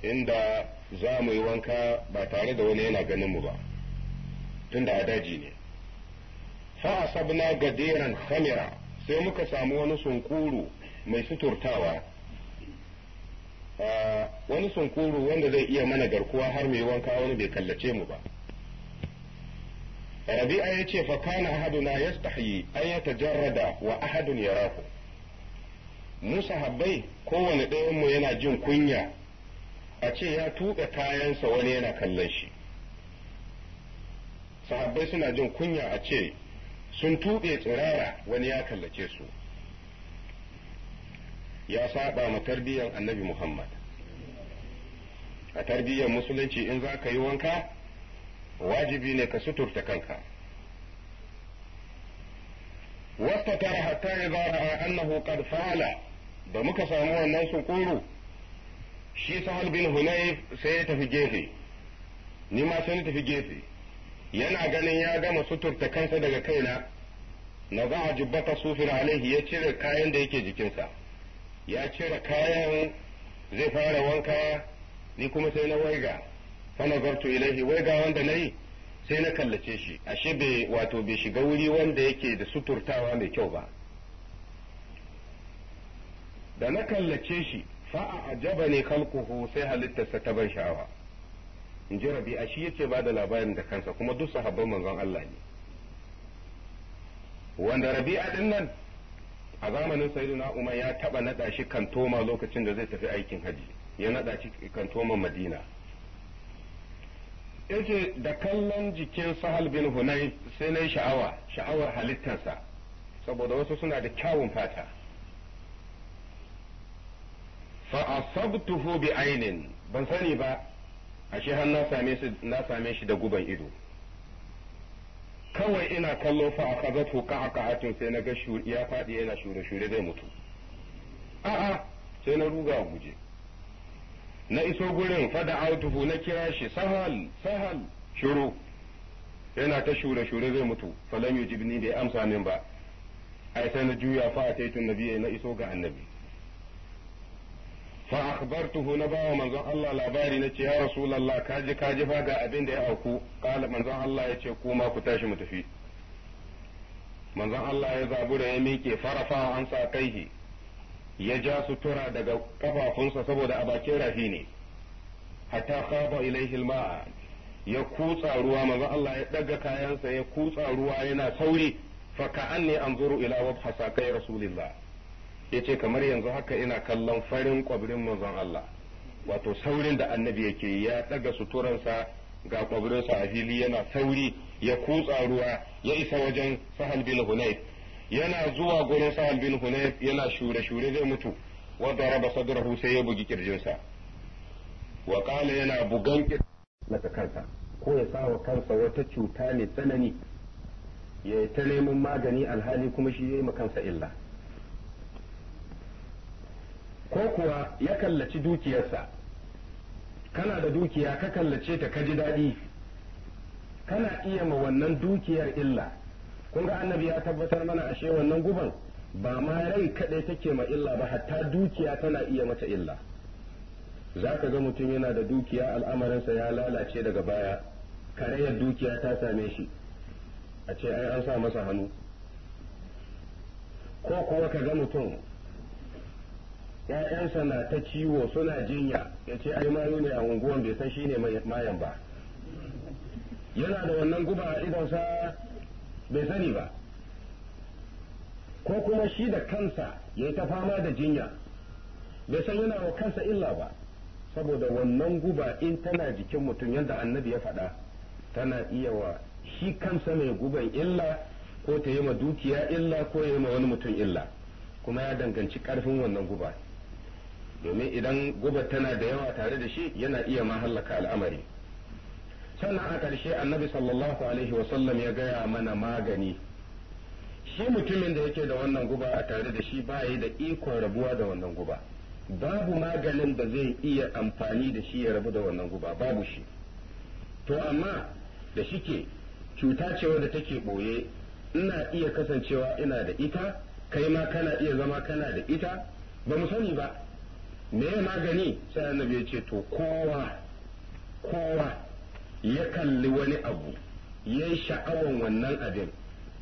inda za mu yi wanka ba tare da wani yana ganin mu ba tunda a daji ne fa asabna gadiran khamira sai muka samu wani sunkuru mai suturtawa Eh, wani sunkuru wanda zai iya mana garkuwa har mai wanka wani bai kallace mu ba rabi'a ya ce fa kana ya yastahi an ya jarrada wa ahadun yarahu mu sahabbai kowane ɗayan mu yana jin kunya a ce ya tuɓe kayansa wani yana kallon shi sahabbai suna jin kunya a ce sun tuɓe tsirara wani ya kallace su ya saba ma tarbiyyar annabi Muhammad a tarbiyyar musulunci in za ka yi wanka wajibi ne ka suturta kanka wasta ta hatta ya ra'a annahu qad fa'ala da muka samu wannan sukuru shi sahal bin hunayf sai ya tafi gefe ni ma sai na tafi gefe yana ganin ya gama suturta kansa daga kaina na za a jubbata sufin alaihi ya cire kayan da yake jikinsa ya cire kayan zai fara wanka ni kuma sai na waiga fanazartu ilaihi waiga wanda nayi sai na kallace shi ashe bai wato bai shiga wuri wanda yake da suturtawa mai kyau ba da na kallace shi fa'a ajaba ne kalkuhu sai halittarsa ta ban sha'awa in ji Rabi a shi yace ba da labarin da kansa kuma duk sahabban manzon Allah ne wanda rabi'a din nan a zamanin sayyidina umar ya taba nada shi kantoma lokacin da zai tafi aikin haji ya nada shi kantoman madina yace da kallon jikin sahal bin hunay sai nayi sha'awa sha'awar halittarsa saboda wasu suna da kyawun fata fa asabtuhu bi ainin ban sani ba ashe har na same shi da guban ido kawai ina kallo fa a kaza to ka haka hatin sai na ga ya faɗi yana shure-shure zai mutu a'a sai na ruga a guje na iso gurin fada autuhu na kira shi sahal sahal shuru yana ta shure-shure zai mutu falan yujibni bai amsa min ba ai sai na juya fa a taitun nabi na iso ga annabi fa akhbartuhu na bawa manzon Allah labari na ce ya rasulullah kaji kaji fa ga abin da ya auku kala manzon Allah ya ce kuma ku tashi mu tafi manzon Allah ya da ya miƙe fara an sa kaihi ya ja sutura daga kafafunsa saboda a bakin rafi ne hatta khaba ilaihi alma'a ya kutsa ruwa manzon Allah ya ɗaga kayansa ya kutsa ruwa yana sauri fa ka'anni anzuru ila wajhi sakai rasulillah ya ce kamar yanzu haka ina kallon farin kwabrin manzon Allah wato saurin da annabi yake ya ɗaga suturansa ga kwabrinsa a fili yana sauri ya kutsa ruwa ya isa wajen sahal bin hunayf yana zuwa gurin sahal bin hunayf yana shure-shure zai mutu wanda raba sadrahu sai ya bugi kirjinsa wa yana bugan kirjinsa kansa ko ya sawa kansa wata cuta ne tsanani ya ta neman magani alhali kuma shi ya yi kansa illa ko kuwa ya kallaci dukiyarsa kana da dukiya ka kallace ta ka ji daɗi kana iya ma wannan dukiyar illa kun ga annabi ya tabbatar mana ashe wannan guban ba ma rai kaɗai take ma illa ba hatta dukiya tana iya mata illa za ka ga mutum yana da dukiya al'amarinsa ya lalace daga baya karayar dukiya ta same shi a ce ai an sa masa hannu ko kuwa ka ga mutum ‘ya'yansa na ta ciwo suna jinya ya ce ai mayu ne a unguwan bai san shi ne mayan ba yana da wannan guba a idonsa bai sani ba ko kuma shi da kansa ya yi ta fama da jinya bai san yana wa kansa illa ba saboda wannan guba in tana jikin mutum yadda annabi ya faɗa tana iya wa shi kansa mai guban illa ko ta yi ma dukiya illa ko ya yi ma wani mutum illa kuma ya danganci ƙarfin wannan guba domin idan guba tana da yawa tare da shi yana iya ma hallaka al'amari sannan a ƙarshe annabi sallallahu alaihi wasallam ya gaya mana magani shi mutumin da yake da wannan guba a tare da shi ba yi da ikon rabuwa da wannan guba babu maganin da zai iya amfani da shi ya rabu da wannan guba babu shi to amma da shi ke cuta ce wadda take ɓoye ina iya kasancewa ina da ita kai ma kana iya zama kana da ita ba mu sani ba me magani sai annabi ya ce to kowa kowa ya kalli wani abu ya yi sha'awan wannan abin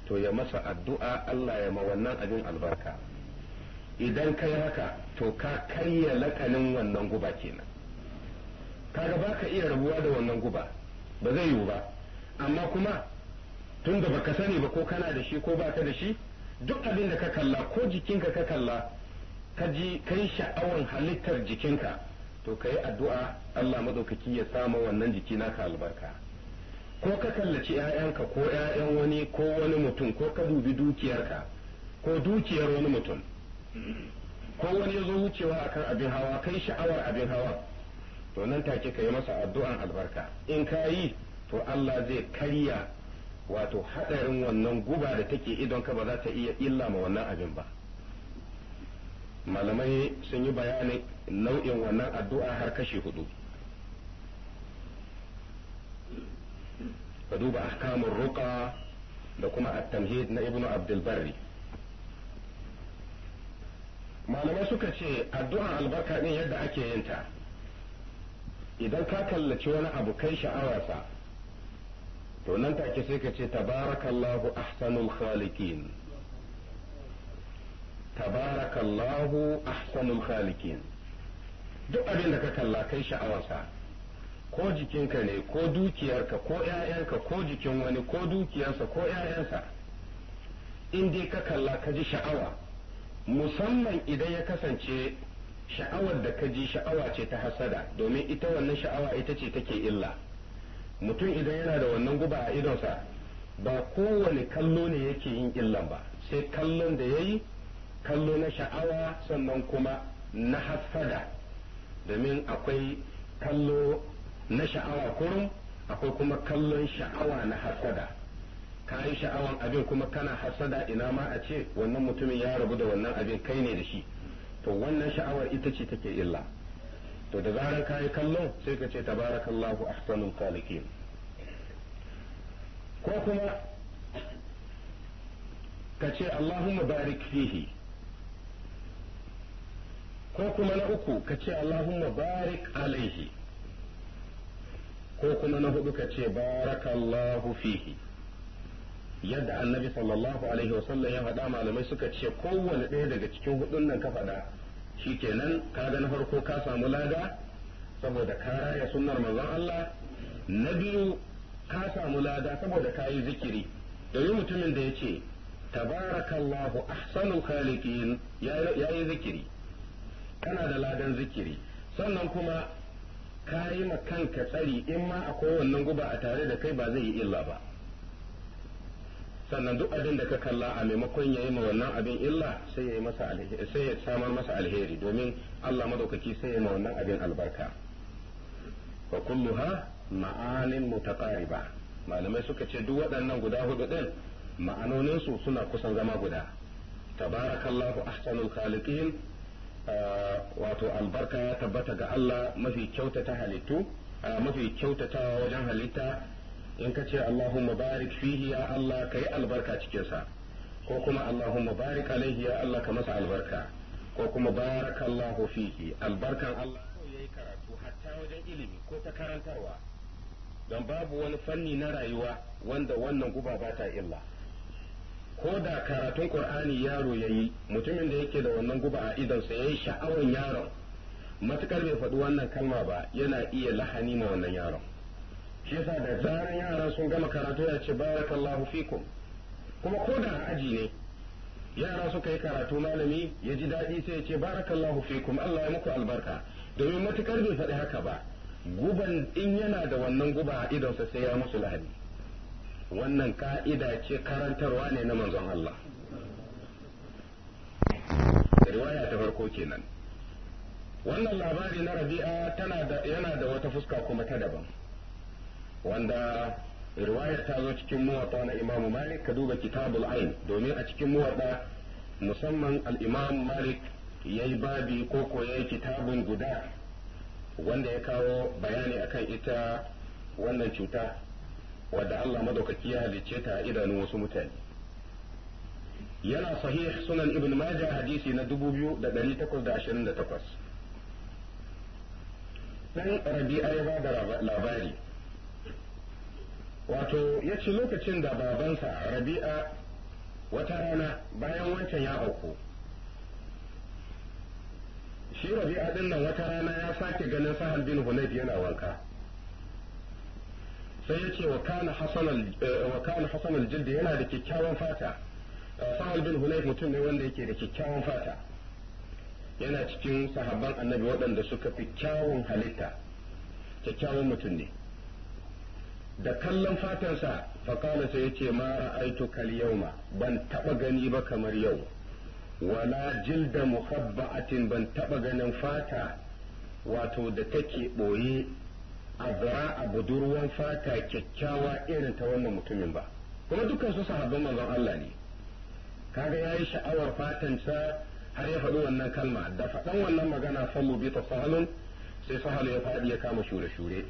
to ya masa addu'a Allah ya ma wannan abin albarka idan ka yi haka to ka karya lakanin wannan guba kenan kaga ba ka iya rabuwa da wannan guba ba zai yiwu ba amma kuma tun da baka sani ba ko kana da shi ko ba ka da shi duk abin da ka kalla ko jikinka ka kalla ka ji kai sha'awan halittar jikinka to ka yi addu'a Allah maɗaukaki ya sama wannan jiki naka albarka ko ka kallaci 'ya'yanka ko 'ya'yan wani ko wani mutum ko ka dubi dukiyarka ko dukiyar wani mutum ko wani ya zo wucewa akan abin hawa kai sha'awar abin hawa to nan take ka yi masa addu'an albarka in ka yi to Allah zai karya wato haɗarin wannan guba da take idon ka ba za ta iya illa ma wannan abin ba malamai sun yi bayanin nau'in wannan addu'a har kashi hudu ka duba ahkamun ruqa da kuma at-tamhid na ibnu abdul barri malamai suka ce addu'a albarka din yadda ake yin ta idan ka kallaci wani abu kai sha'awarsa to nan take sai ka ce tabarakallahu ahsanul khaliqin الله ahsanul الخالقين duk abin da ka kalla kai sha'awarsa ko jikinka ne ko dukiyarka ko 'ya'yanka ko jikin wani ko dukiyarsa ko 'ya'yansa in dai ka kalla ka ji sha'awa musamman idan ya kasance sha'awar da ka ji sha'awa ce ta hasada domin ita wannan sha'awa ita ce take illa mutum idan yana da wannan guba a idonsa ba kowane kallo ne yake yin illan ba sai kallon da ya yi kallo na sha'awa sannan kuma na hassada domin akwai kallo na sha'awa kurum akwai kuma kallon sha'awa na hasada ka yi sha'awan abin kuma kana hassada ina ma a ce wannan mutumin ya rabu da wannan abin kai ne da shi to wannan sha'awar ita ce take illa to da zarar ka yi kallo sai ka ce tabarakallahu ahsanul khaliqin ko kuma ka ce allahumma barik fihi ko kuma na uku ka ce Allahumma barik alaihi ko kuma na hudu ka ce barakallahu fihi yadda annabi sallallahu alaihi wasallam ya faɗa malamai suka ce kowane ɗaya daga cikin hudun nan ka faɗa shikenan ga na farko ka samu lada saboda ka raya sunnar manzon Allah na biyu ka samu lada saboda ka yi zikiri domin mutumin da ya ce tabarakallahu ahsanul khaliqin ya yi zikiri kana da ladan zikiri sannan kuma ka yi ma kanka tsari in ma akwai wannan guba a tare da kai ba zai yi illa ba sannan duk abin da ka kalla a maimakon ya yi ma wannan abin illa sai ya masa alheri sai ya samar masa alheri domin Allah madaukaki sai ya ma wannan abin albarka wa kulluha ma'anin mutaqariba malamai suka ce duk waɗannan guda hudu din ma'anonin su suna kusan zama guda tabarakallahu ahsanul khaliqin wato albarka ya tabbata ga Allah mafi kyautata halittu mafi kyautatawa wajen halitta in ka ce Allahumma barik fihi ya Allah ka yi albarka cikinsa ko kuma Allahumma barik alaihi ya Allah ka masa albarka ko kuma barakallahu fihi albarkan Allah ya yi karatu hatta wajen ilimi ko ta karantarwa don babu wani fanni na rayuwa wanda wannan guba ba ta illa ko da karatun qur'ani yaro yayi mutumin da yake da wannan guba a idan sa yayi sha'awar yaron matukar bai faɗi wannan kalma ba yana iya lahani ma wannan yaron shi yasa da zaran yara sun gama karatu ya ce barakallahu fikum kuma ko da aji ne yara suka yi karatu malami ya ji daɗi sai ya ce barakallahu fikum Allah ya muku albarka domin matukar bai faɗi haka ba guban in yana da wannan guba a idonsa sai ya musu lahani wannan ka'ida ce karantarwa ne na manzon Allah riwaya ta farko kenan wannan labari na rabi'a tana da yana da wata fuska kuma ta daban wanda riwaya ta zo cikin muwatta na Imam Malik ka duba kitabul ain domin a cikin muwatta musamman al-Imam Malik yayi babi ko ko yayi kitabun guda wanda ya kawo bayani akan ita wannan cuta wadda Allah madaukaki ya halicce ta a idanun wasu mutane yana sahih sunan ibn majah hadisi na 2828 dan rabi'a ya bada labari wato ya ci lokacin da babansa rabi'a wata rana bayan wancan ya auku shi rabi'a dinnan wata rana ya sake ganin sahal bin hunayf yana wanka sai ya ce wa kana hasan eh, jildi yana da kyakkyawan fata eh, sahal bin hunayf mutum ne wanda yake da kyakkyawan fata yana cikin sahabban annabi waɗanda suka fi kyawun halitta kyakkyawan mutum ne da kallon fatarsa faƙala sai ya ce ma ra'aitu kal yauma ban taɓa gani ba kamar yau wala jilda muhabba'atin ban taɓa ganin fata wato da take ɓoye a a budurwan fata kyakkyawa irin ta wannan mutumin ba kuma dukkan su sahabban manzon Allah ne kaga yayi sha'awar fatan sa har ya faɗi wannan kalma da faɗan wannan magana sallu bi tasahalun sai sahalu ya faɗi ya kama shure shure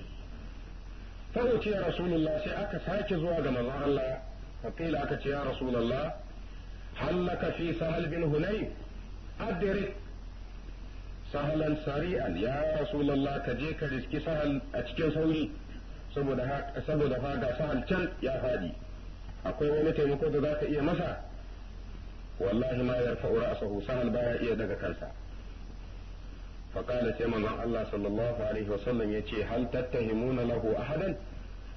fa ce ya rasulullah sai aka sake zuwa ga manzon Allah fa aka ce ya rasulullah hallaka fi sahal bin hunayf adrik sahalan sari'an ya rasu lalla ka je ka riski sahal a cikin sauri saboda haka sahal can ya faɗi. akwai wani taimako da zaka iya masa wallahi ma ya rafa ra'sahu sahal baya iya daga kansa fa qala sai Allah sallallahu alaihi wa sallam yace hal tattahimuna lahu ahadan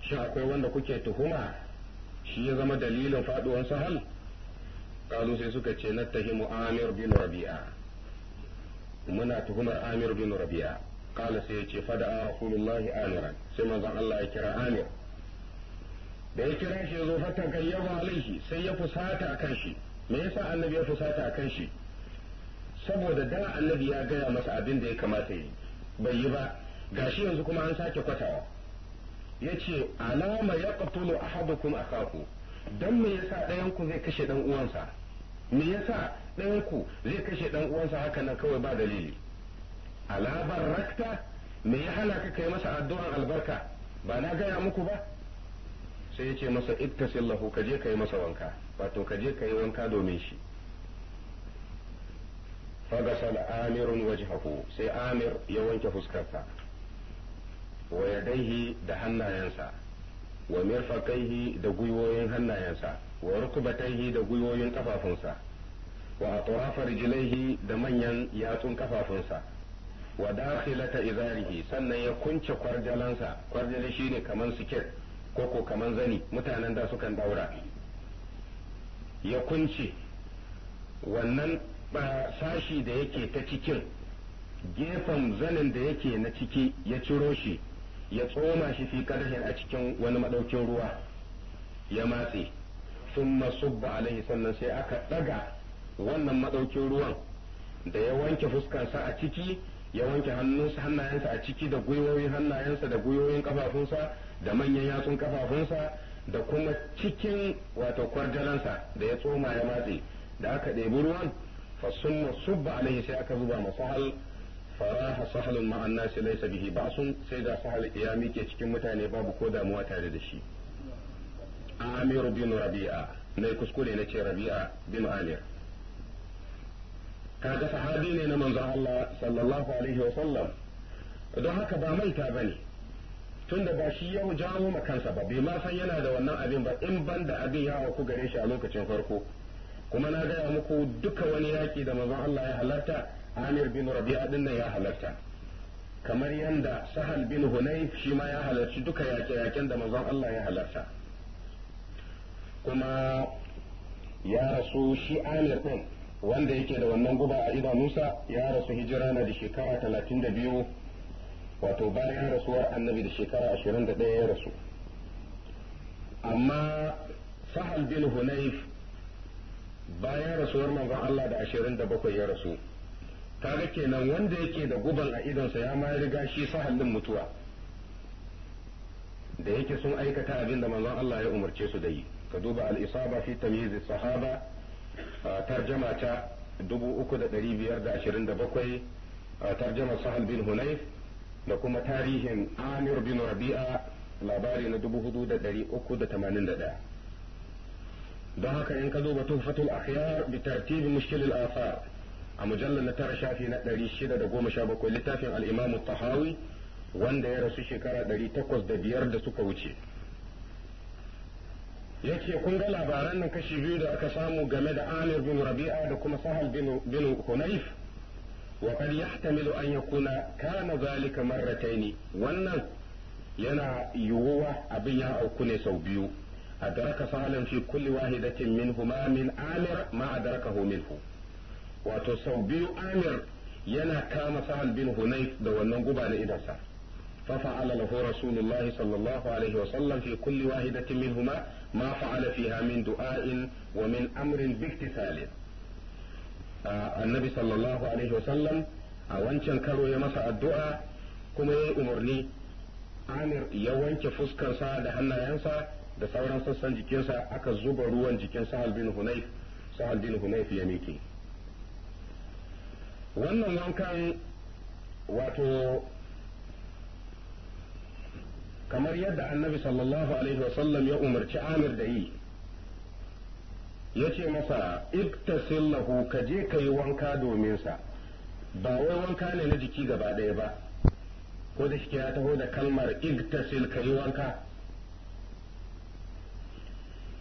shi akwai wanda kuke tuhuma shi ya zama dalilin faduwar sahal kalu sai suka ce natahimu amir bin rabi'a ah. muna tuhumar amir bin rabi'a kala sai yace fada rasulullahi amiran sai manzon Allah ya kira amir da ya kira shi zo fata kan yaba alaihi sai ya fusata kan shi me yasa annabi ya fusata kan shi saboda da annabi ya gaya masa abin da ya kamata yi bai yi ba gashi yanzu kuma an sake kwatawa yace alama yaqtulu ahadukum akahu dan me yasa ɗayan ku zai kashe dan uwansa me yasa ɗayanku zai kashe ɗan uwansa haka nan kawai ba dalili alabar rakta me ya hana ka kai masa addu'an albarka ba na gaya muku ba sai ya ce masa ittasillahu ka je kai masa wanka wato ka je kai wanka domin shi fagasal amirun wajhahu sai amir ya wanke fuskarsa wa yadaihi da hannayensa wa mirfaqaihi da gwiwoyin hannayensa wa rukbatayhi da gwiwoyin kafafunsa wa atrafa rijlaihi da manyan yatsun kafafunsa wa dakhilata izarihi sannan ya kunce kwarjalansa shi shine kaman sikir ko ko kaman zani mutanen da sukan daura ya kunce wannan sashi da yake ta cikin gefen zanin da yake na ciki ya ciro shi ya tsoma shi fi karhin a cikin wani madaukin ruwa ya matse sun ba alaihi sannan sai aka daga wannan madaukin ruwan da ya wanke fuskarsa a ciki ya wanke hannunsa hannayensa a ciki da gwiwoyin hannayensa da gwiwoyin kafafunsa da manyan yatsun kafafunsa da kuma cikin wato kwarjalansa da ya tsoma ya matse da aka ɗebi ruwan fa sunna subba alaihi sai aka zuba masa hal faraha sahalun ma'an sai laisa bihi ba'sun sai da sahal ya mike cikin mutane babu ko damuwa tare da shi amiru bin rabi'a nai kuskure na ce rabi'a bin amir kaga sahabi ne na manzon Allah sallallahu alaihi wa sallam don haka ba maita bane tunda ba shi ya jawo ma kansa ba bai ma san yana da wannan abin ba in ban da abin ya ku gare shi a lokacin farko kuma na gaya muku duka wani yaki da manzon Allah ya halarta Amir bin Rabi'a din nan ya halarta kamar yanda Sahal bin Hunayf shi ma ya halarci duka yaƙe-yaƙen da manzon Allah ya halarta kuma ya rasu shi Amir din wanda yake da wannan guba a idanunsa ya rasu hijira na da shekara talatin da biyu wato bayan rasuwar annabi da shekara ashirin da ɗaya ya rasu amma sahal bin hunayf bayan rasuwar manzon Allah da ashirin da bakwai ya rasu kaga kenan wanda yake da guban a idonsa ya ma riga shi sahal din mutuwa da yake sun aikata abin da manzon Allah ya umarce su da yi ka duba al-isaba fi tamyiz sahaba tarjama ta 3527 tarjama sahal bin hunayf da kuma tarihin amir bin rabi'a labari na 4381 don haka in ka zo batun fatul akhyar bi tartibin mushkilil afar a mujallar na tara shafi na 617 littafin al-imam tahawi wanda ya rasu shekara 805 da suka wuce yace kun ga labaran nan kashi biyu da aka samu game da Amir bin Rabi'a da kuma Sahal bin Hunayf wa qad yahtamilu an yakuna kana zalika marrataini wannan yana yiwuwa abin ya auku ne sau biyu daraka sahalan fi kulli wahidatin minhuma min Amir ma adrakahu minhu wato sau biyu Amir yana kama Sahal bin Hunayf da wannan guba na idansa fa fa'ala lahu Rasulullahi sallallahu alaihi wa sallam fi kulli wahidatin minhuma ما فعل فيها من دعاء ومن أمر باكتسال النبي صلى الله عليه وسلم أوانشان كرو يمسع الدعاء كما يأمرني Amir ya wanke fuskarsa da hannayensa da sauran sassan jikinsa aka zuba ruwan jikin Sahal bin Hunayf Sahal bin Hunayf ya miƙe wannan wankan wato kamar yadda annabi sallallahu alaihi wasallam ya umarci amir da yi ya ce masa iktasil lahu ka je ka yi wanka domin sa ba wai wanka ne na jiki gaba ɗaya ba ko da shi ya taho da kalmar iktasil ka yi wanka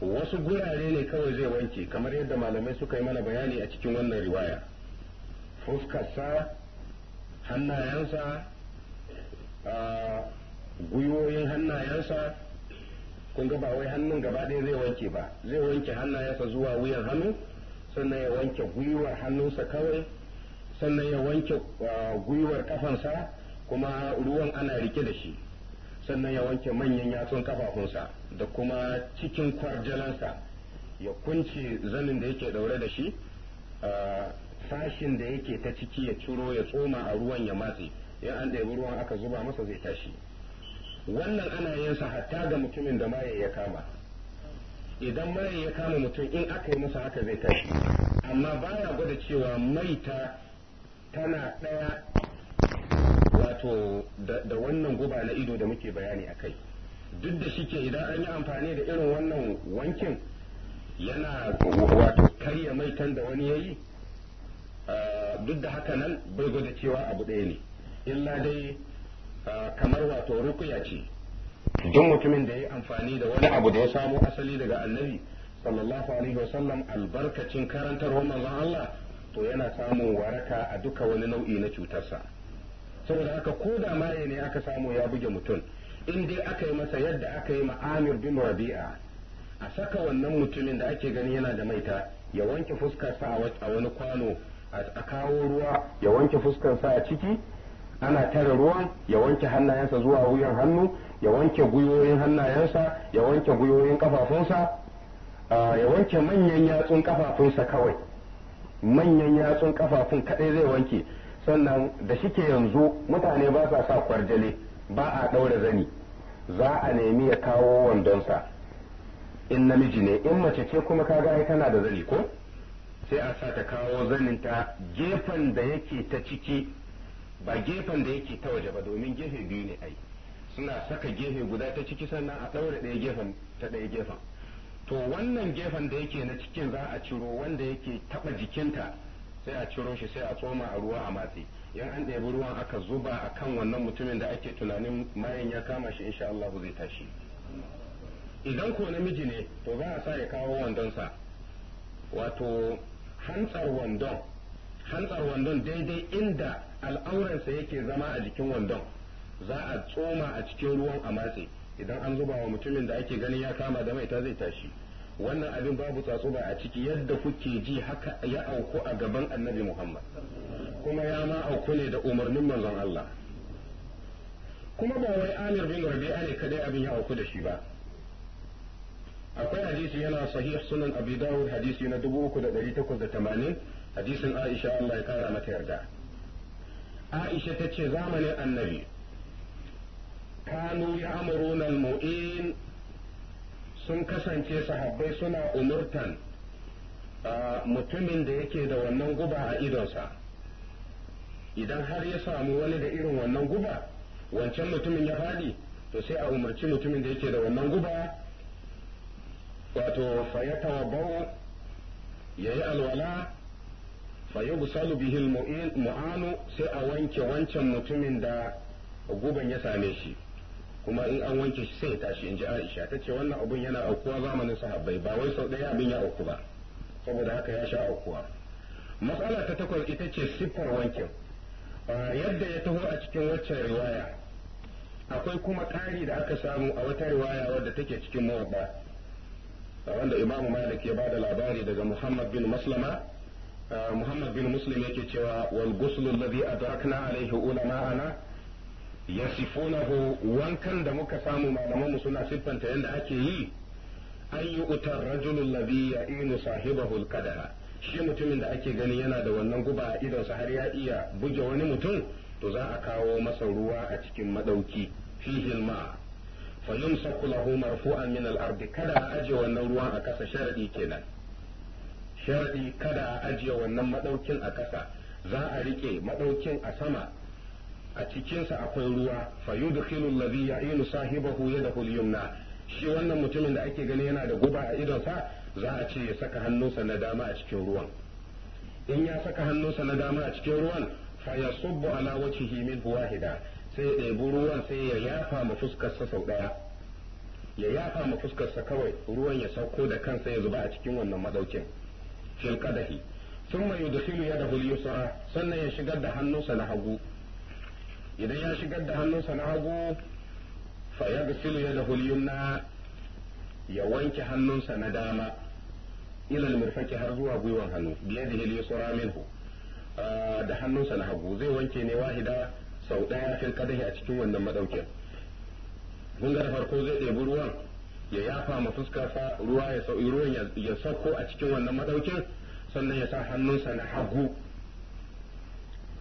wasu gurare ne kawai zai wanke kamar yadda malamai suka yi mana bayani a cikin wannan riwaya fuskarsa hannayensa ah, gwiwoyin hannayensa kun ga ba wai hannun gaba ɗaya zai wanke ba zai wanke hannayensa zuwa wuyan hannu sannan ya wanke gwiwar hannunsa kawai sannan ya wanke ah, gwiwar kafansa kuma ruwan ana rike da shi sannan ya wanke manyan yatsun kafafunsa da kuma cikin kwarjalansa ya kunce zanin da yake ɗaure da shi ah, sashin da yake ta ciki ya ciro ya tsoma a ruwan ya matse in an ɗabi ruwan aka zuba masa zai tashi wannan ana yin sa hatta ga mutumin da maye ya kama idan maye ya kama mutum in aka yi masa haka zai tashi amma baya gwada cewa maita tana ɗaya wato da wannan guba na ido da muke bayani a kai duk da shi idan an yi amfani da irin wannan wankin yana wato karya maitan da wani ya yi eh, duk da haka nan bai gwada cewa abu ɗaya ne illa dai kamar wato rukuya ce duk mutumin da ya amfani da wani abu da ya samo asali daga annabi sallallahu alaihi wasallam albarkacin karantarwar manzon Allah to yana samun waraka a duka wani nau'i na cutarsa saboda haka ko da ma ne aka samu ya buge mutum in dai aka yi masa yadda aka yi ma'amir bin rabi'a a saka wannan mutumin da ake gani yana da maita ya wanke fuskarsa a wani kwano a kawo ruwa ya wanke fuskarsa a ciki ana tare ruwan ya wanke hannayensa zuwa wuyan hannu ya wanke gwiwoyin hannayensa ya wanke gwiwoyin kafafunsa ya wanke manyan yatsun kafafunsa kawai manyan yatsun kafafun kadai zai wanke sannan da shike yanzu mutane ba sa sa kwarjale ba a ɗaure zani za a nemi ya kawo wandonsa in namiji ne in mace ce kuma ka ai tana da zani ko sai a sa ta kawo zaninta gefen da yake ta ciki ba gefen da yake ta waje ba domin gefe biyu ne ai suna saka gefe guda ta ciki sannan a ɗaure ɗaya gefen ta ɗaya gefen to wannan gefen da yake na cikin za a ciro wanda yake taɓa jikinta sai a ciro shi sai a tsoma a ruwa a matse yan an ɗebi ruwan aka zuba a kan wannan mutumin da ake tunanin mayan ya kama shi insha Allah zai tashi idan ko namiji ne to za a sa ya kawo wandonsa wato hantsar wandon hantsar wandon daidai inda al'auransa yake zama a jikin wandon za a tsoma a cikin ruwan a matse idan an zuba wa mutumin da ake ganin ya kama da mai ta zai tashi wannan abin babu ba a ciki yadda kuke ji haka ya auku a gaban annabi muhammad kuma ya ma auku ne da umarnin manzon allah kuma ba wai amir bin rabi'a ne kadai abin ya auku da shi ba akwai hadisi yana sahih sunan abi dawud hadisi na 3880 hadisin Aisha Allah ya kara mata yarda Aisha ta ce zamanin annabi kanu ya amuruna mu'in sun kasance sahabbai suna umurtan mutumin da yake da wannan guba a idonsa idan har ya samu wani da irin wannan guba wancan mutumin ya faɗi to sai a umarci mutumin da yake da wannan guba wato fayata wa ya yi alwala fa yubsalu bihil mu'anu sai a wanke wancan mutumin da guban ya same shi kuma in an wanke shi sai ya tashi in ji Aisha ta ce wannan abun yana aukuwa zamanin sahabbai ba wai sau ɗaya abin ya auku ba saboda haka ya sha aukuwa matsala ta takwas ita ce siffar wankin ah, yadda ya taho a cikin waccan riwaya akwai kuma ƙari da aka samu a wata riwaya wadda take cikin mawabba wanda imamu malik ya ba da labari daga muhammad bin maslama muhammad bin muslim yake cewa wal ghuslu alladhi adrakna alayhi ulama'ana yasifunahu wankan da muka samu malamanmu suna siffanta yadda ake yi an yi utar rajulun ladhi ya inu sahibahu alqadaha shi mutumin da ake gani yana da wannan guba a idonsa har ya iya buge wani mutum to za a kawo masa ruwa a cikin madauki fihi ma fa yumsaku lahu marfu'an min al-ardi kada a ajiye wannan ruwan a kasa sharadi kenan sharri kada a ajiye wannan maɗaukin a ƙasa za a riƙe maɗaukin a sama a cikinsa akwai ruwa fa yudkhilu ya'inu sahibahu yadahu yumna shi wannan mutumin da ake gani yana da guba a idon sa za a ce ya saka hannunsa na dama a cikin ruwan in ya saka hannunsa na dama a cikin ruwan fa yasubbu ala wajhihi min wahida sai ya ɗebi ruwan sai ya yafa ma fuskarsa sau ɗaya ya yafa ma fuskarsa kawai ruwan ya sauko da kansa ya zuba a cikin wannan madaukin fil qadahi thumma yudkhilu yadahu al-yusra sannan ya shigar da hannunsa na hagu idan ya shigar da hannunsa na hagu fa yaghsilu ya da yumna ya wanke hannunsa na dama ila al har zuwa gwiwan hannu biyadihi da yusra minhu ah, da hannunsa na hagu zai wanke ne wahida sau daya fil qadahi a cikin wannan madaukin kun ga da farko zai ɗebi ruwan ya yafa ma sa ruwa ya sauki ruwan ya sauko a cikin wannan madaukin sannan ya sa hannunsa na hagu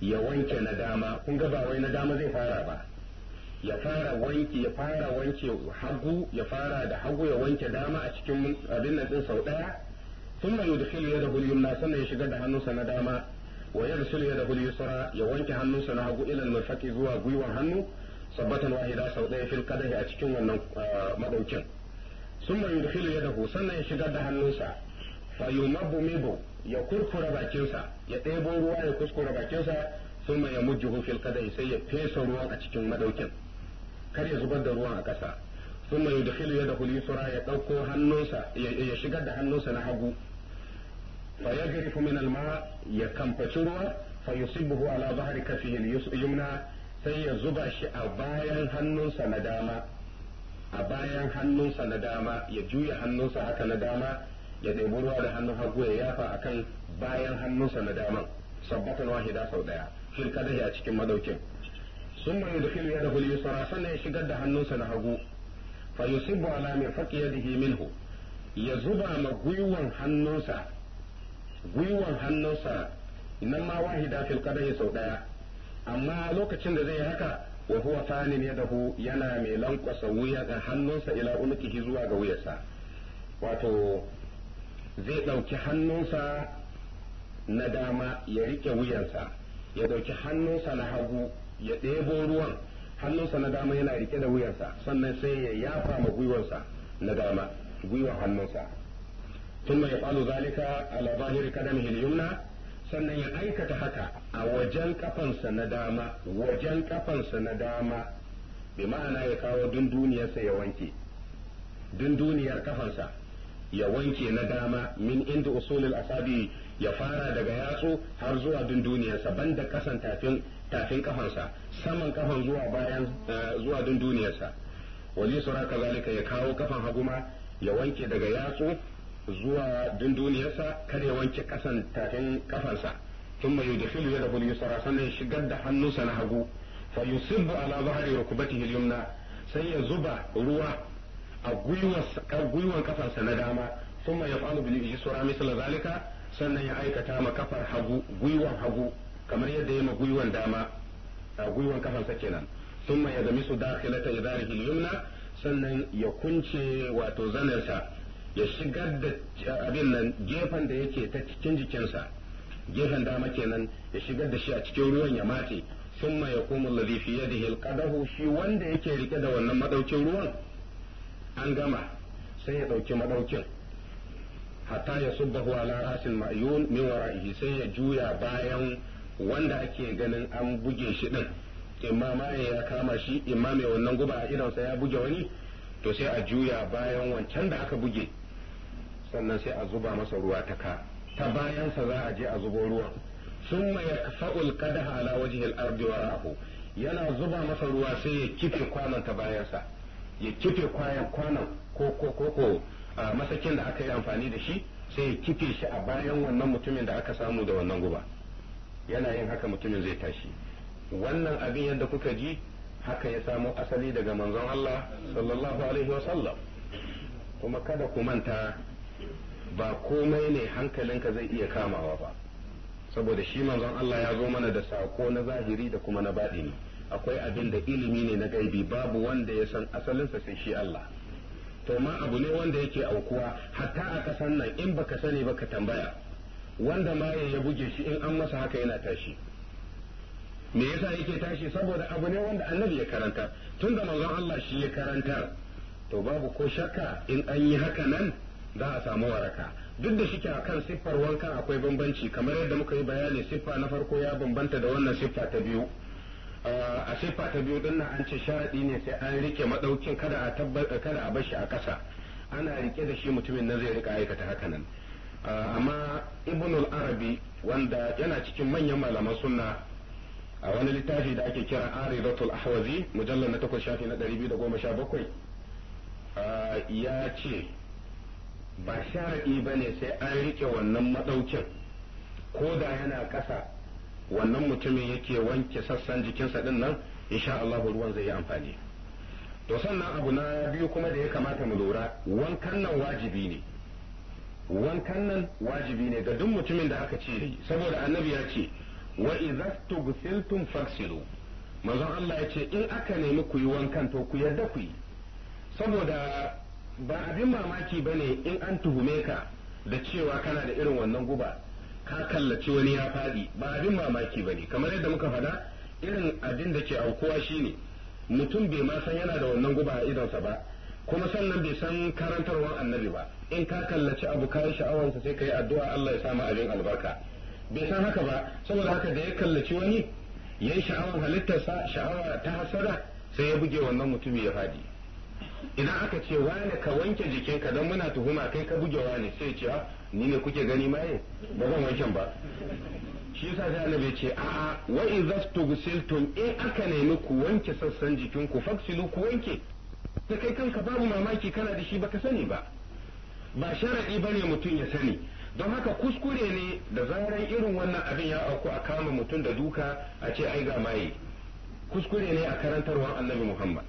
ya wanke na dama kun ga ba wai na dama zai fara ba ya fara wanke ya fara wanke hagu ya fara da hagu ya wanke dama a cikin abin nan din sau daya thumma yudkhilu yada bil yumna sannan ya shiga da hannunsa na dama wa yarsul yada bil yusra ya wanke hannunsa na hagu ila al zuwa gwiwar hannu sabbatan wahida sau daya fil qadahi a cikin wannan ah, madaukin summa yudkhilu yadahu sannan ya shigar da hannunsa fa mibu ya kurkura bakinsa ya ɗebo ruwa ya kuskura bakinsa summa ya mujjuhu fil qada'i sai ya fesa ruwan a cikin madaukin kar ya zubar da ruwan a ƙasa summa yudkhilu yadahu al ya dauko hannunsa ya shigar da hannunsa na hagu fa yagrifu min ma ya kamfaci ruwa fa yusibuhu ala dhahri kafihi yumna sai ya zuba shi a bayan hannunsa na dama a bayan hannunsa na dama ya juya hannunsa haka na dama ya ɗebi ruwa da hannun hagu ya yafa akan bayan hannunsa na daman sabbatan wahida sau ɗaya fil kadahi a cikin madaukin sun mai ya da al-yusra sannan ya shigar da hannunsa na hagu fa yusibbu ala mirfaqi yadihi minhu ya zuba ma gwiwan hannunsa gwiwan hannunsa nan ma wahida fil kadahi sau ɗaya amma lokacin da zai haka wa huwa tanin yadahu yana mai lankwasa wuya ga hannunsa ila unqihi zuwa ga wuyarsa wato zai ɗauki hannunsa na dama ya rike wuyansa ya ɗauki hannunsa na hagu ya ɗebo ruwan hannunsa na dama yana rike da wuyansa sannan sai ya yafa ma gwiwarsa na dama gwiwar hannunsa ثم يفعل ذلك على ظاهر قدمه اليمنى sannan ya aikata haka a wajen kafansa na dama wajen kafansa na dama bi ma'ana ya kawo dunduniyarsa ya wanke dunduniyar kafansa ya wanke na dama min inda usulul asabi ya fara daga yatsu har zuwa dunduniyarsa banda kasan tafin tafin kafansa saman kafan zuwa bayan eh, zuwa dunduniyarsa wali sura kazalika ya kawo kafan haguma ya wanke daga yatsu zuwa dunduniyarsa kar ya wanke kasan tafin kafansa thumma yudkhilu yadahu al yusara sannan shigar da hannunsa na hagu fa yusibu ala zahari wa kubatihi yumna sai ya zuba ruwa a gwiwan kafansa na dama ya yaf'alu bil yusara misal zalika sannan ya aikata ma kafar hagu gwiwan hagu kamar yadda ya ma gwiwan dama a gwiwan kafansa kenan ya yadmisu dakhilata idarihi al-yumna sannan ya kunce wato sa. ya shigar da abin nan gefen da yake ta cikin jikinsa gefen dama kenan ya shigar da shi a cikin ruwan ya matse ma ya kuma lalifi ya da hilƙadahu, shi wanda yake rike da wannan madaukin ruwan an gama sai ya ɗauki maɗaukin. Hata ya subbahu ala rasin ma'ayun min wara'ihi sai ya juya bayan wanda ake ganin an buge shi din imma maye ya kama shi imma mai wannan guba a idansa ya buge wani to sai a juya bayan wancan da aka buge sannan sai a zuba masa ruwa ta ka ta bayansa za a je a zubo ruwan sun ya fa'ul qadaha ala wajhil ardi wa rahu yana zuba masa ruwa sai ya kife kwanon ta bayansa ya kife kwayan kwanon ko ko ko ko masakin da aka yi amfani da shi sai ya kife shi a bayan wannan mutumin da aka samu da wannan guba yana yin haka mutumin zai tashi wannan abin yadda kuka ji haka ya samo asali daga manzon Allah sallallahu alaihi wa sallam kuma kada ku manta ba komai ne hankalinka zai iya kamawa ba saboda shi manzon Allah ya zo mana da sako na zahiri da kuma na baɗini akwai abin da ilimi ne na gaibi babu wanda ya san asalinsa sai shi Allah to ma abu ne wanda yake aukuwa hatta a kasan nan in baka sani ba ka tambaya wanda ma ya buge shi in an masa haka yana tashi me yasa yake tashi saboda abu ne wanda annabi ya karanta tunda manzon Allah shi ya karanta to babu ko shakka in an yi haka nan za a samu waraka duk da shike kan siffar wanka akwai bambanci kamar yadda muka yi bayani siffa na farko ya bambanta da wannan siffa ta biyu uh, a siffa ta biyu din nan an ce sharadi ne sai an rike madaukin kada a tabbata kada a bashi a kasa ana rike da shi mutumin nan zai rika aikata hakanan uh, amma ibnul arabi wanda yana cikin manyan malaman sunna a wani littafi da ake kira aridatul ahwazi mujallar na takwas shafi na 217 uh, ya ce ba sharaɗi ba ne sai an rike wannan maɗaukin ko da yana ƙasa wannan mutumin yake wanke sassan jikinsa ɗin nan insha Allah ruwan zai yi amfani to sannan abu na biyu kuma da ya kamata mu lura wankan nan wajibi ne wankan nan wajibi ne ga duk mutumin da aka ce saboda annabi ya ce wa idza tughsiltum faghsilu manzon Allah ya ce in aka nemi ku yi wankan to ku yarda ku yi saboda ba abin mamaki ba ne in an tuhume ka da cewa kana da irin wannan guba ka kallaci wani ya faɗi ba abin mamaki ba ne kamar yadda muka faɗa irin abin da ke aukuwa ne mutum bai ma san yana da wannan guba a idonsa ba kuma sannan bai san karantarwar annabi ba in ka kallaci abu ka yi sha'awarsa sai ka yi addu'a Allah ya sama abin albarka bai san haka ba saboda haka da ya kallaci wani ya yi sha'awar halittarsa sha'awa ta hasara sai ya buge wannan mutum ya faɗi idan aka ce wane ka wanke jikinka don muna tuhuma kai ka buge wane sai ce ah, ni ne kuke gani yi ba zan wanken ba shi yasa sai annabi ce a'a wa idza tughsiltum in aka nemi ku wanke sassan jikinku faksilu ku wanke ta kai kanka babu mamaki kana da shi ba ka sani ba ba sharadi bane mutum ya sani don haka kuskure ne da zaran irin wannan abin ya auku a kama mutum da duka a ce ai ga maye kuskure ne a karantarwar annabi Muhammad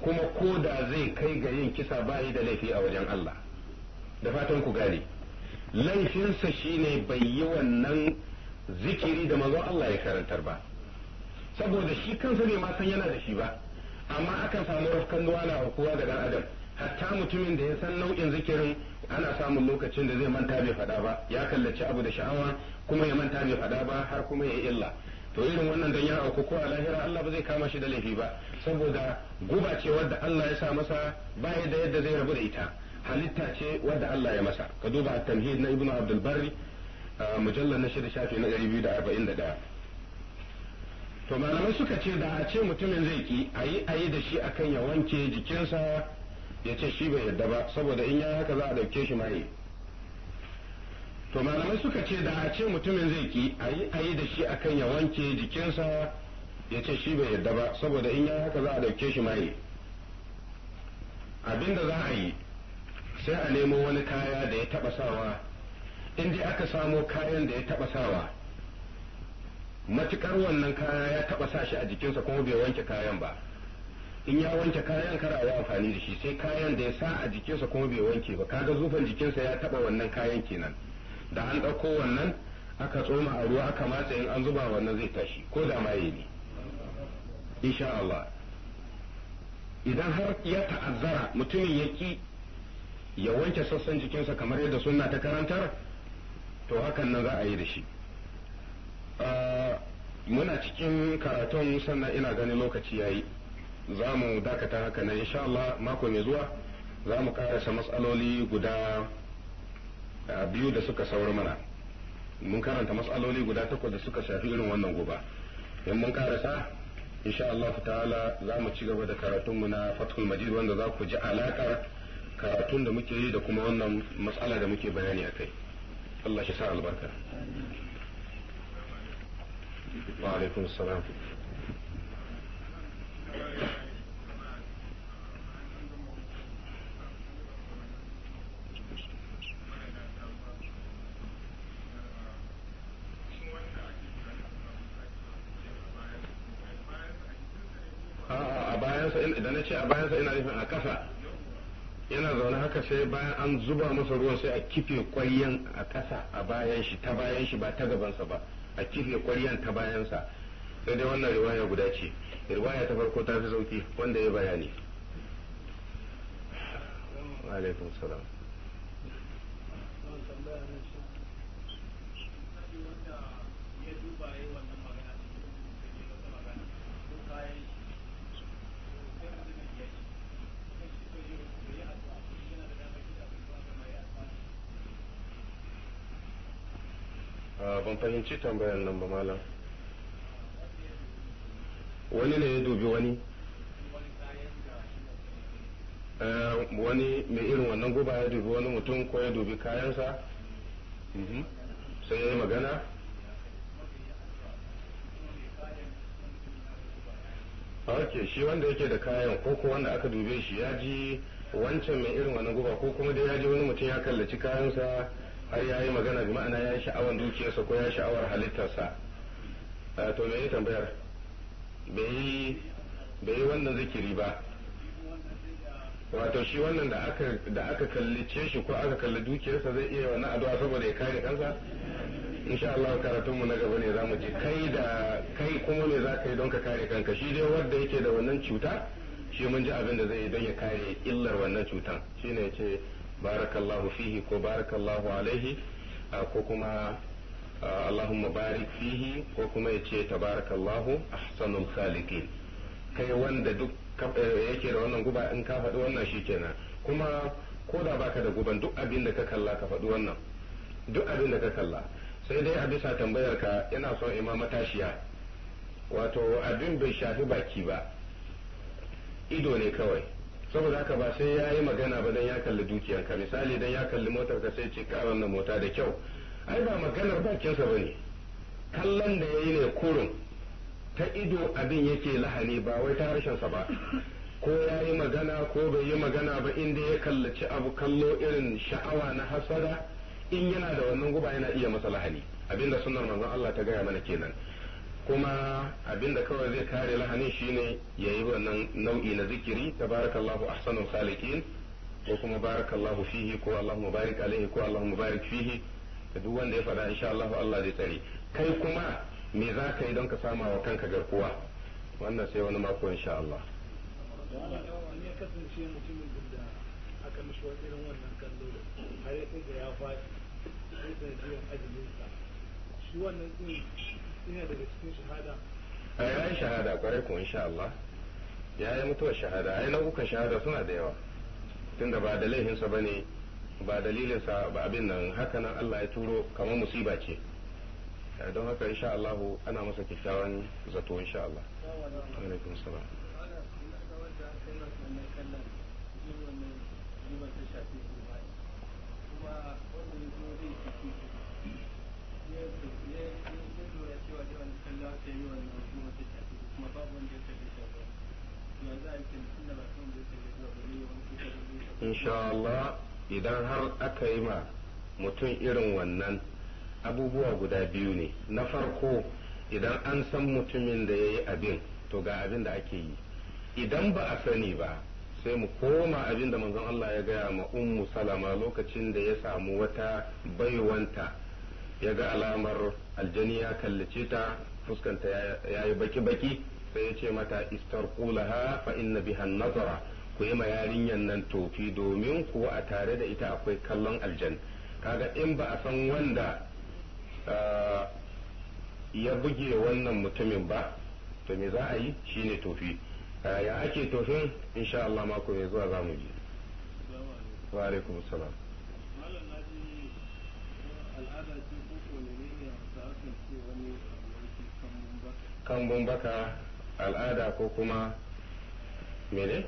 kuma ko da zai kai ga yin kisa ba yi da laifi a wajen Allah da fatan ku gane laifinsa shine bai yi wannan zikiri da mazo Allah ya karantar ba saboda shi kansa ne ma san yana da shi ba amma akan samu rafkan na hukuwa da dan adam hatta mutumin da ya san nau'in zikirin ana samun lokacin da zai manta bai fada ba ya kallaci abu da sha'awa kuma ya manta bai faɗa ba har kuma ya illa to irin wannan dan ya auku ko a lahira Allah ba zai kama shi da laifi ba saboda guba ce wadda Allah ya sa masa ba da yadda zai rabu da ita halitta ce wadda Allah ya masa ka duba at-tamhid na ibnu abdul barri mujallal na shida shafi na 241 to malamai suka ce da a ce mutumin zai ki ayi ayi da shi akan ya wanke jikinsa ya ce shi bai yadda ba saboda in ya haka za a dauke shi maye to malamai suka ce da a ce mutumin zai ki a yi da shi akan ya wanke jikinsa ya ce shi bai yarda ba saboda in ya haka za a dauke shi maye da za a yi sai a nemo wani kaya da ya taba sawa in dai aka samo kayan da ya taba sawa matukar wannan kaya ya taba sa shi a jikinsa kuma bai wanke kayan ba in ya wanke kayan kar a amfani da shi sai kayan da ya sa a jikinsa kuma bai wanke ba kaga zufan jikinsa ya taba wannan kayan kenan da an ɗauko wannan aka tsoma a ruwa aka matse in an zuba wannan zai tashi ko da maye ne insha Allah idan har ya ta'azzara mutumin ya ki ya wanke sassan jikinsa kamar yadda sunna ta karantar to hakan nan za a yi da shi ah, muna cikin karatun sannan ina ganin lokaci ya yi za mu dakata haka nan insha Allah mako mai zuwa za mu ƙarasa matsaloli guda biyu da suka saura mana mun karanta matsaloli guda takwas da suka shafi irin wannan guba in mun karasa insha Allah ta'ala za mu ci gaba da karatunmu na fathul majid wanda za ku ji alakar karatun da muke yi da kuma wannan matsala da muke bayani a kai Allah shi sa albarka wa alaikum salam bayansa idan na ce a bayansa ina nufin a kasa yana zaune haka sai bayan an zuba masa ruwan sai a kife kwaryan a kasa a bayan shi ta bayan shi ba ta gabansa ba a kife kwaryan ta bayansa sai dai wannan riwaya guda ce riwaya ta farko ta fi sauki wanda ya bayani alaikum salam ban fahimci tambayar nan ba malam wani ne ya dubi wani eh, wani mai irin wannan guba ya dubi wani mutum ko ya dubi kayansa mhm. sai ya yi magana ok shi wanda yake da kayan ko wanda aka dube shi ya ji wancan mai irin wannan guba ko kuma da ya ji wani mutum ya kallaci kayansa har ya yi magana bi ma'ana ya yi sha'awar dukiyarsa ko ya yi sha'awar halittarsa to me yi tambayar bai yi wannan zikiri ba wato shi wannan da aka da aka kallice shi ko aka kalli dukiyarsa zai iya wannan addu'a saboda ya kare kansa sha Allah karatunmu mu na gaba ne za mu ji kai da kai kuma me za ka yi don ka kare kanka shi dai wanda yake da wannan cuta shi mun ji abin da zai yi don ya kare illar wannan cutan shine ya ce barakallahu fihi ko barakallahu alaihi ko kuma Allahumma barik fihi ko kuma ya ce tabarakallahu ahsanul khaliqin kai wanda duk eh, yake da wannan guba in ka faɗi wannan shikenan kuma ko da baka da guban duk abin da ka kalla ka faɗi wannan duk abin da ka kalla sai dai a bisa tambayar ka yana son ima matashiya wato abin bai shafi baki ba ido ne kawai saboda haka ba sai ya yi magana ba dan ya kalli ka misali dan ya kalli motar ka sai ce ka wannan mota da kyau ai ba maganar bakinsa ba ne kallon da ya yi ne kurun ta ido abin yake lahani ba wai ta harshen sa ba ko ya yi magana ko bai yi magana ba inda ya kallaci abu kallo irin sha'awa na hasada in yana da wannan guba yana iya masa lahani abinda sunnar manzon Allah ta gaya mana kenan kuma abinda kawai zai kare lahanin shine yi wannan nau'i na zikiri ta tabarakallahu ahsanul khaliqin ko kuma barakallahu fihi ko Allahu mubarik alaihi ko Allahu mubarik fihi da duk wanda ya faɗa insha Allah Allah zai tsare kai kuma me za ka yi don ka sama wa kanka garkuwa wannan sai wani mako insha Allah kasance mutumin da wannan kallo har ya faɗi shi wannan yana daga shahada a yayin shahada kwarai ko insha Allah mutuwar shahada ai nau'ukan shahada suna da yawa tunda ba da ba ne ba dalilinsa ba abin nan haka nan Allah ya turo kamar musiba ce don haka insha Allah ana masa kyakkyawan zato insha Allah alaikum salam sha Allah idan har aka yi ma mutum irin wannan abubuwa guda biyu ne na farko idan an san mutumin da ya yi abin to ga abin da ake yi idan ba a sani ba sai mu koma abin da manzon Allah ya gaya ma ummu salama lokacin da ya samu wata baiwanta ya ga alamar aljani ya kallace ta fuskanta ya yi baki-baki sai ya ce mata istarqulaha fa inna bihan nazara ku yi ma yarinyan nan tofi domin kuwa a tare da ita akwai kallon aljan kaga in ba a san wanda ah, ya buge wannan mutumin ba to me za a yi shine tofi ah, ya ake tofin insha Allah mako mai zuwa za mu je wa alaikum salam al'ada ko kuma mene?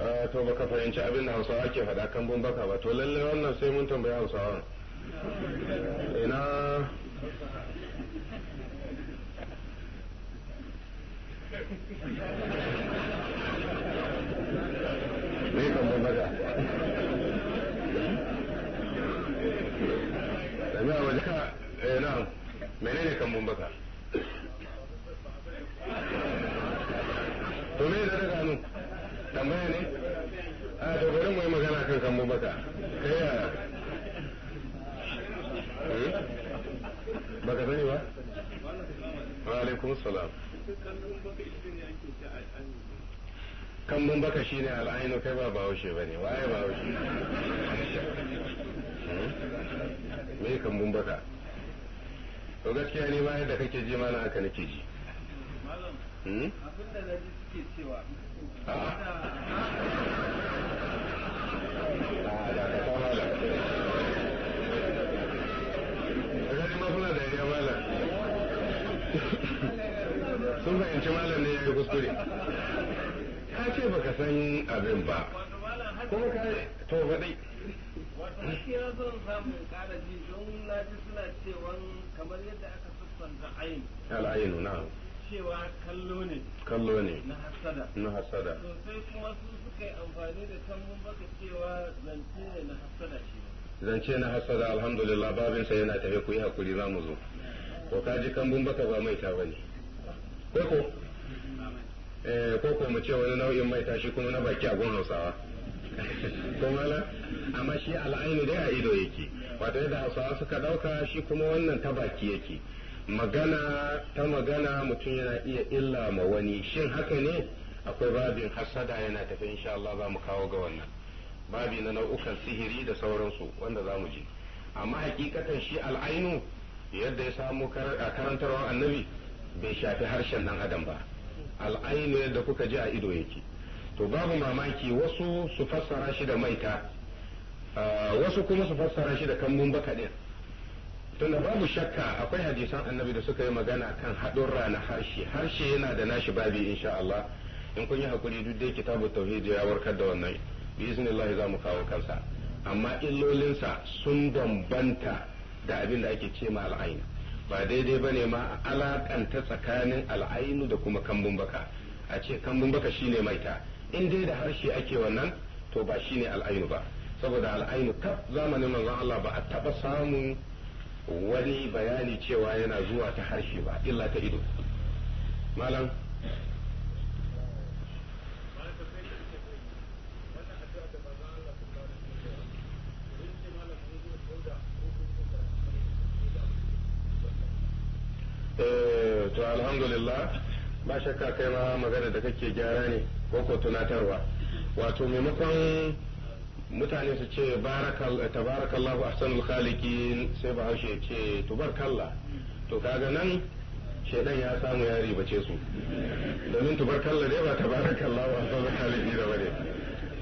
Eh, to ba ka fahimci abin da hausawa ake faɗa kan bun baka ba to lalle wannan sai mun tambaya hausawa eh, ina ne kan bun baka da wajen ina eh, menene kan bun baka to me da daga hannu tambaya ne a da bari mu yi magana kan kan baka kai yaya hmm? baka sani ba wa alaikum salam kambun baka ne al'ainu kai ba bahaushe ba ne waye bahaushe hmm? me kambun baka to gaskiya ne ma yadda kake ji mana haka nake ji abinda na ji suke sun fahimci malam ne ya yi kuskure ka ce baka san abin ba kuma ka to faɗi wato gaskiya zan samu ƙara ji don na suna cewa kamar yadda aka siffanta ayin al'ayinu na'am cewa kallo ne kallo ne na hasada na hasada to sai kuma su suka yi amfani da kallon baka cewa zance ne na hasada ce zance na hasada alhamdulillah babin sa yana tafe ku yi hakuri za mu zo ko ka ji kambun baka ba maita bane ko ko eh ko ko mu ce wani nau'in maita shi kuma na baki a gon Hausawa ko mala amma shi al'ainu dai a ido yake wato yadda Hausawa suka dauka shi kuma wannan ta baki yake magana ta magana mutum yana iya illa ma wani shin haka ne akwai babin hasada yana tafi insha Allah za mu kawo ga wannan babi na nau'ukan sihiri da sauransu wanda za mu ji amma hakikatan shi al'ainu yadda ya samu karantarwar annabi bai shafi harshen nan adam ba al'ainu yadda kuka ji a ido yake to babu mamaki wasu su fassara shi da maita wasu kuma su fassara shi da kambun baka ɗin tunda babu shakka akwai hadisan annabi da suka yi magana kan haɗurra rana harshe harshe yana da nashi babi insha Allah in kun yi hakuri duk dai kitabu tauhid ya warkar da wannan bi iznillah za mu kawo kansa amma illolinsa sun bambanta da abin da ake ce ma al'ain ba daidai bane ma alakanta tsakanin al'ainu da kuma kambun baka a ce kambun baka shine maita in dai da harshe ake wannan to ba shine al'ainu ba saboda al'ainu kaf zamanin manzon Allah ba a taba samun wani bayani cewa yana zuwa ta harshe ba illa ta ido malam eh, to alhamdulillah ba shakka kai ma magana da kake gyara ne ko ko tunatarwa wato maimakon mutane su ce tabarakallahu ahsanul khaliqin sai ba haushe ce tubarkallah to kaga nan shedan ya samu ya ribace su domin tubarkallah dai ba tabarakallahu ahsanul khaliqin da ne.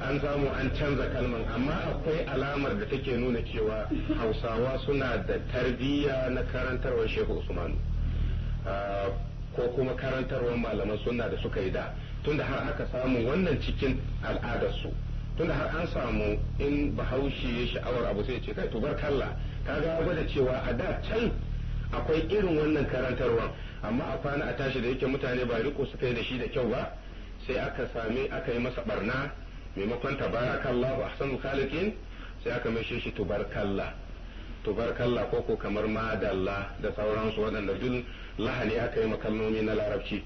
an samu an canza kalman amma akwai alamar da take nuna cewa hausawa suna da tarbiyya na karantarwar shehu usmanu ah, ko kuma karantarwar malaman suna da suka yi da tunda har aka samu wannan cikin al'adarsu su tunda har an samu in bahaushe ya sha'awar abu sai ce kai to bar kalla ga abu da cewa a da can akwai irin wannan karantarwa amma a kwana a tashi da yake mutane ba riko suka yi da shi da kyau ba sai aka same aka yi masa barna maimakon tabarakallahu ahsanul khaliqin sai aka mai shi tubarkalla tubarkalla ko ko kamar madalla da sauransu waɗanda duk lahani aka yi makalmomi na larabci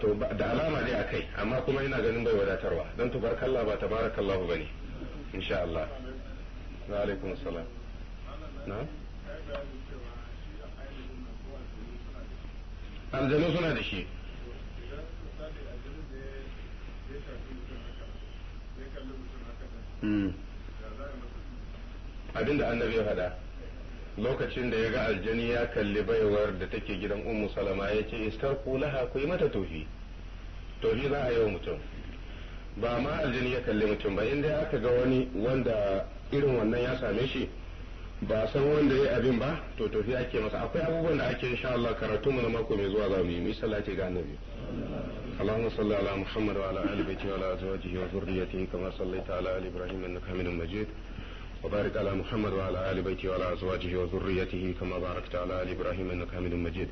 to da alama dai akai amma kuma ina ganin bai wadatarwa dan don tubarkalla ba tabarakallahu bane insha Allah wa alaikum salam na'am aljanu suna da shi abinda annabi ya faɗa lokacin da ya ga aljani ya kalli baiwar da take gidan ummu salama ya ce iskar kulaha ku yi mata tofi tofi za a yi wa mutum ba ma aljani ya kalli mutum ba inda aka ga wani wanda irin wannan ya same shi ba san wanda ya abin ba to tofi ake masa akwai abubuwan da ake insha Allah karatu mu na mako mai zuwa za mu yi mu salati ga annabi اللهم صل على محمد وعلى ال بيته وعلى ازواجه وذريته كما صليت على ال ابراهيم انك حميد مجيد وبارك على محمد وعلى آل بيته وعلى أزواجه وذريته كما باركت على آل إبراهيم إنك حميد مجيد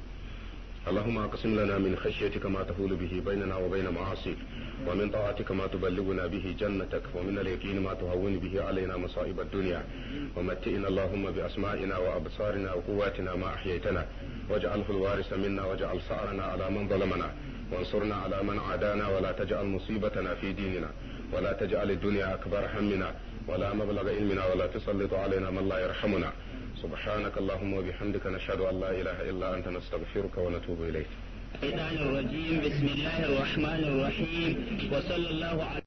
اللهم اقسم لنا من خشيتك ما تحول به بيننا وبين معاصيك ومن طاعتك ما تبلغنا به جنتك ومن اليقين ما تهون به علينا مصائب الدنيا ومتئنا اللهم بأسمائنا وأبصارنا وقواتنا ما أحييتنا واجعله الوارث منا واجعل صعرنا على من ظلمنا وانصرنا على من عادانا ولا تجعل مصيبتنا في ديننا ولا تجعل الدنيا أكبر همنا ولا مبلغ علمنا ولا تسلط علينا من لا يرحمنا سبحانك اللهم وبحمدك نشهد أن لا إله إلا أنت نستغفرك ونتوب إليك الرجيم بسم الله الرحمن الرحيم وصلى الله على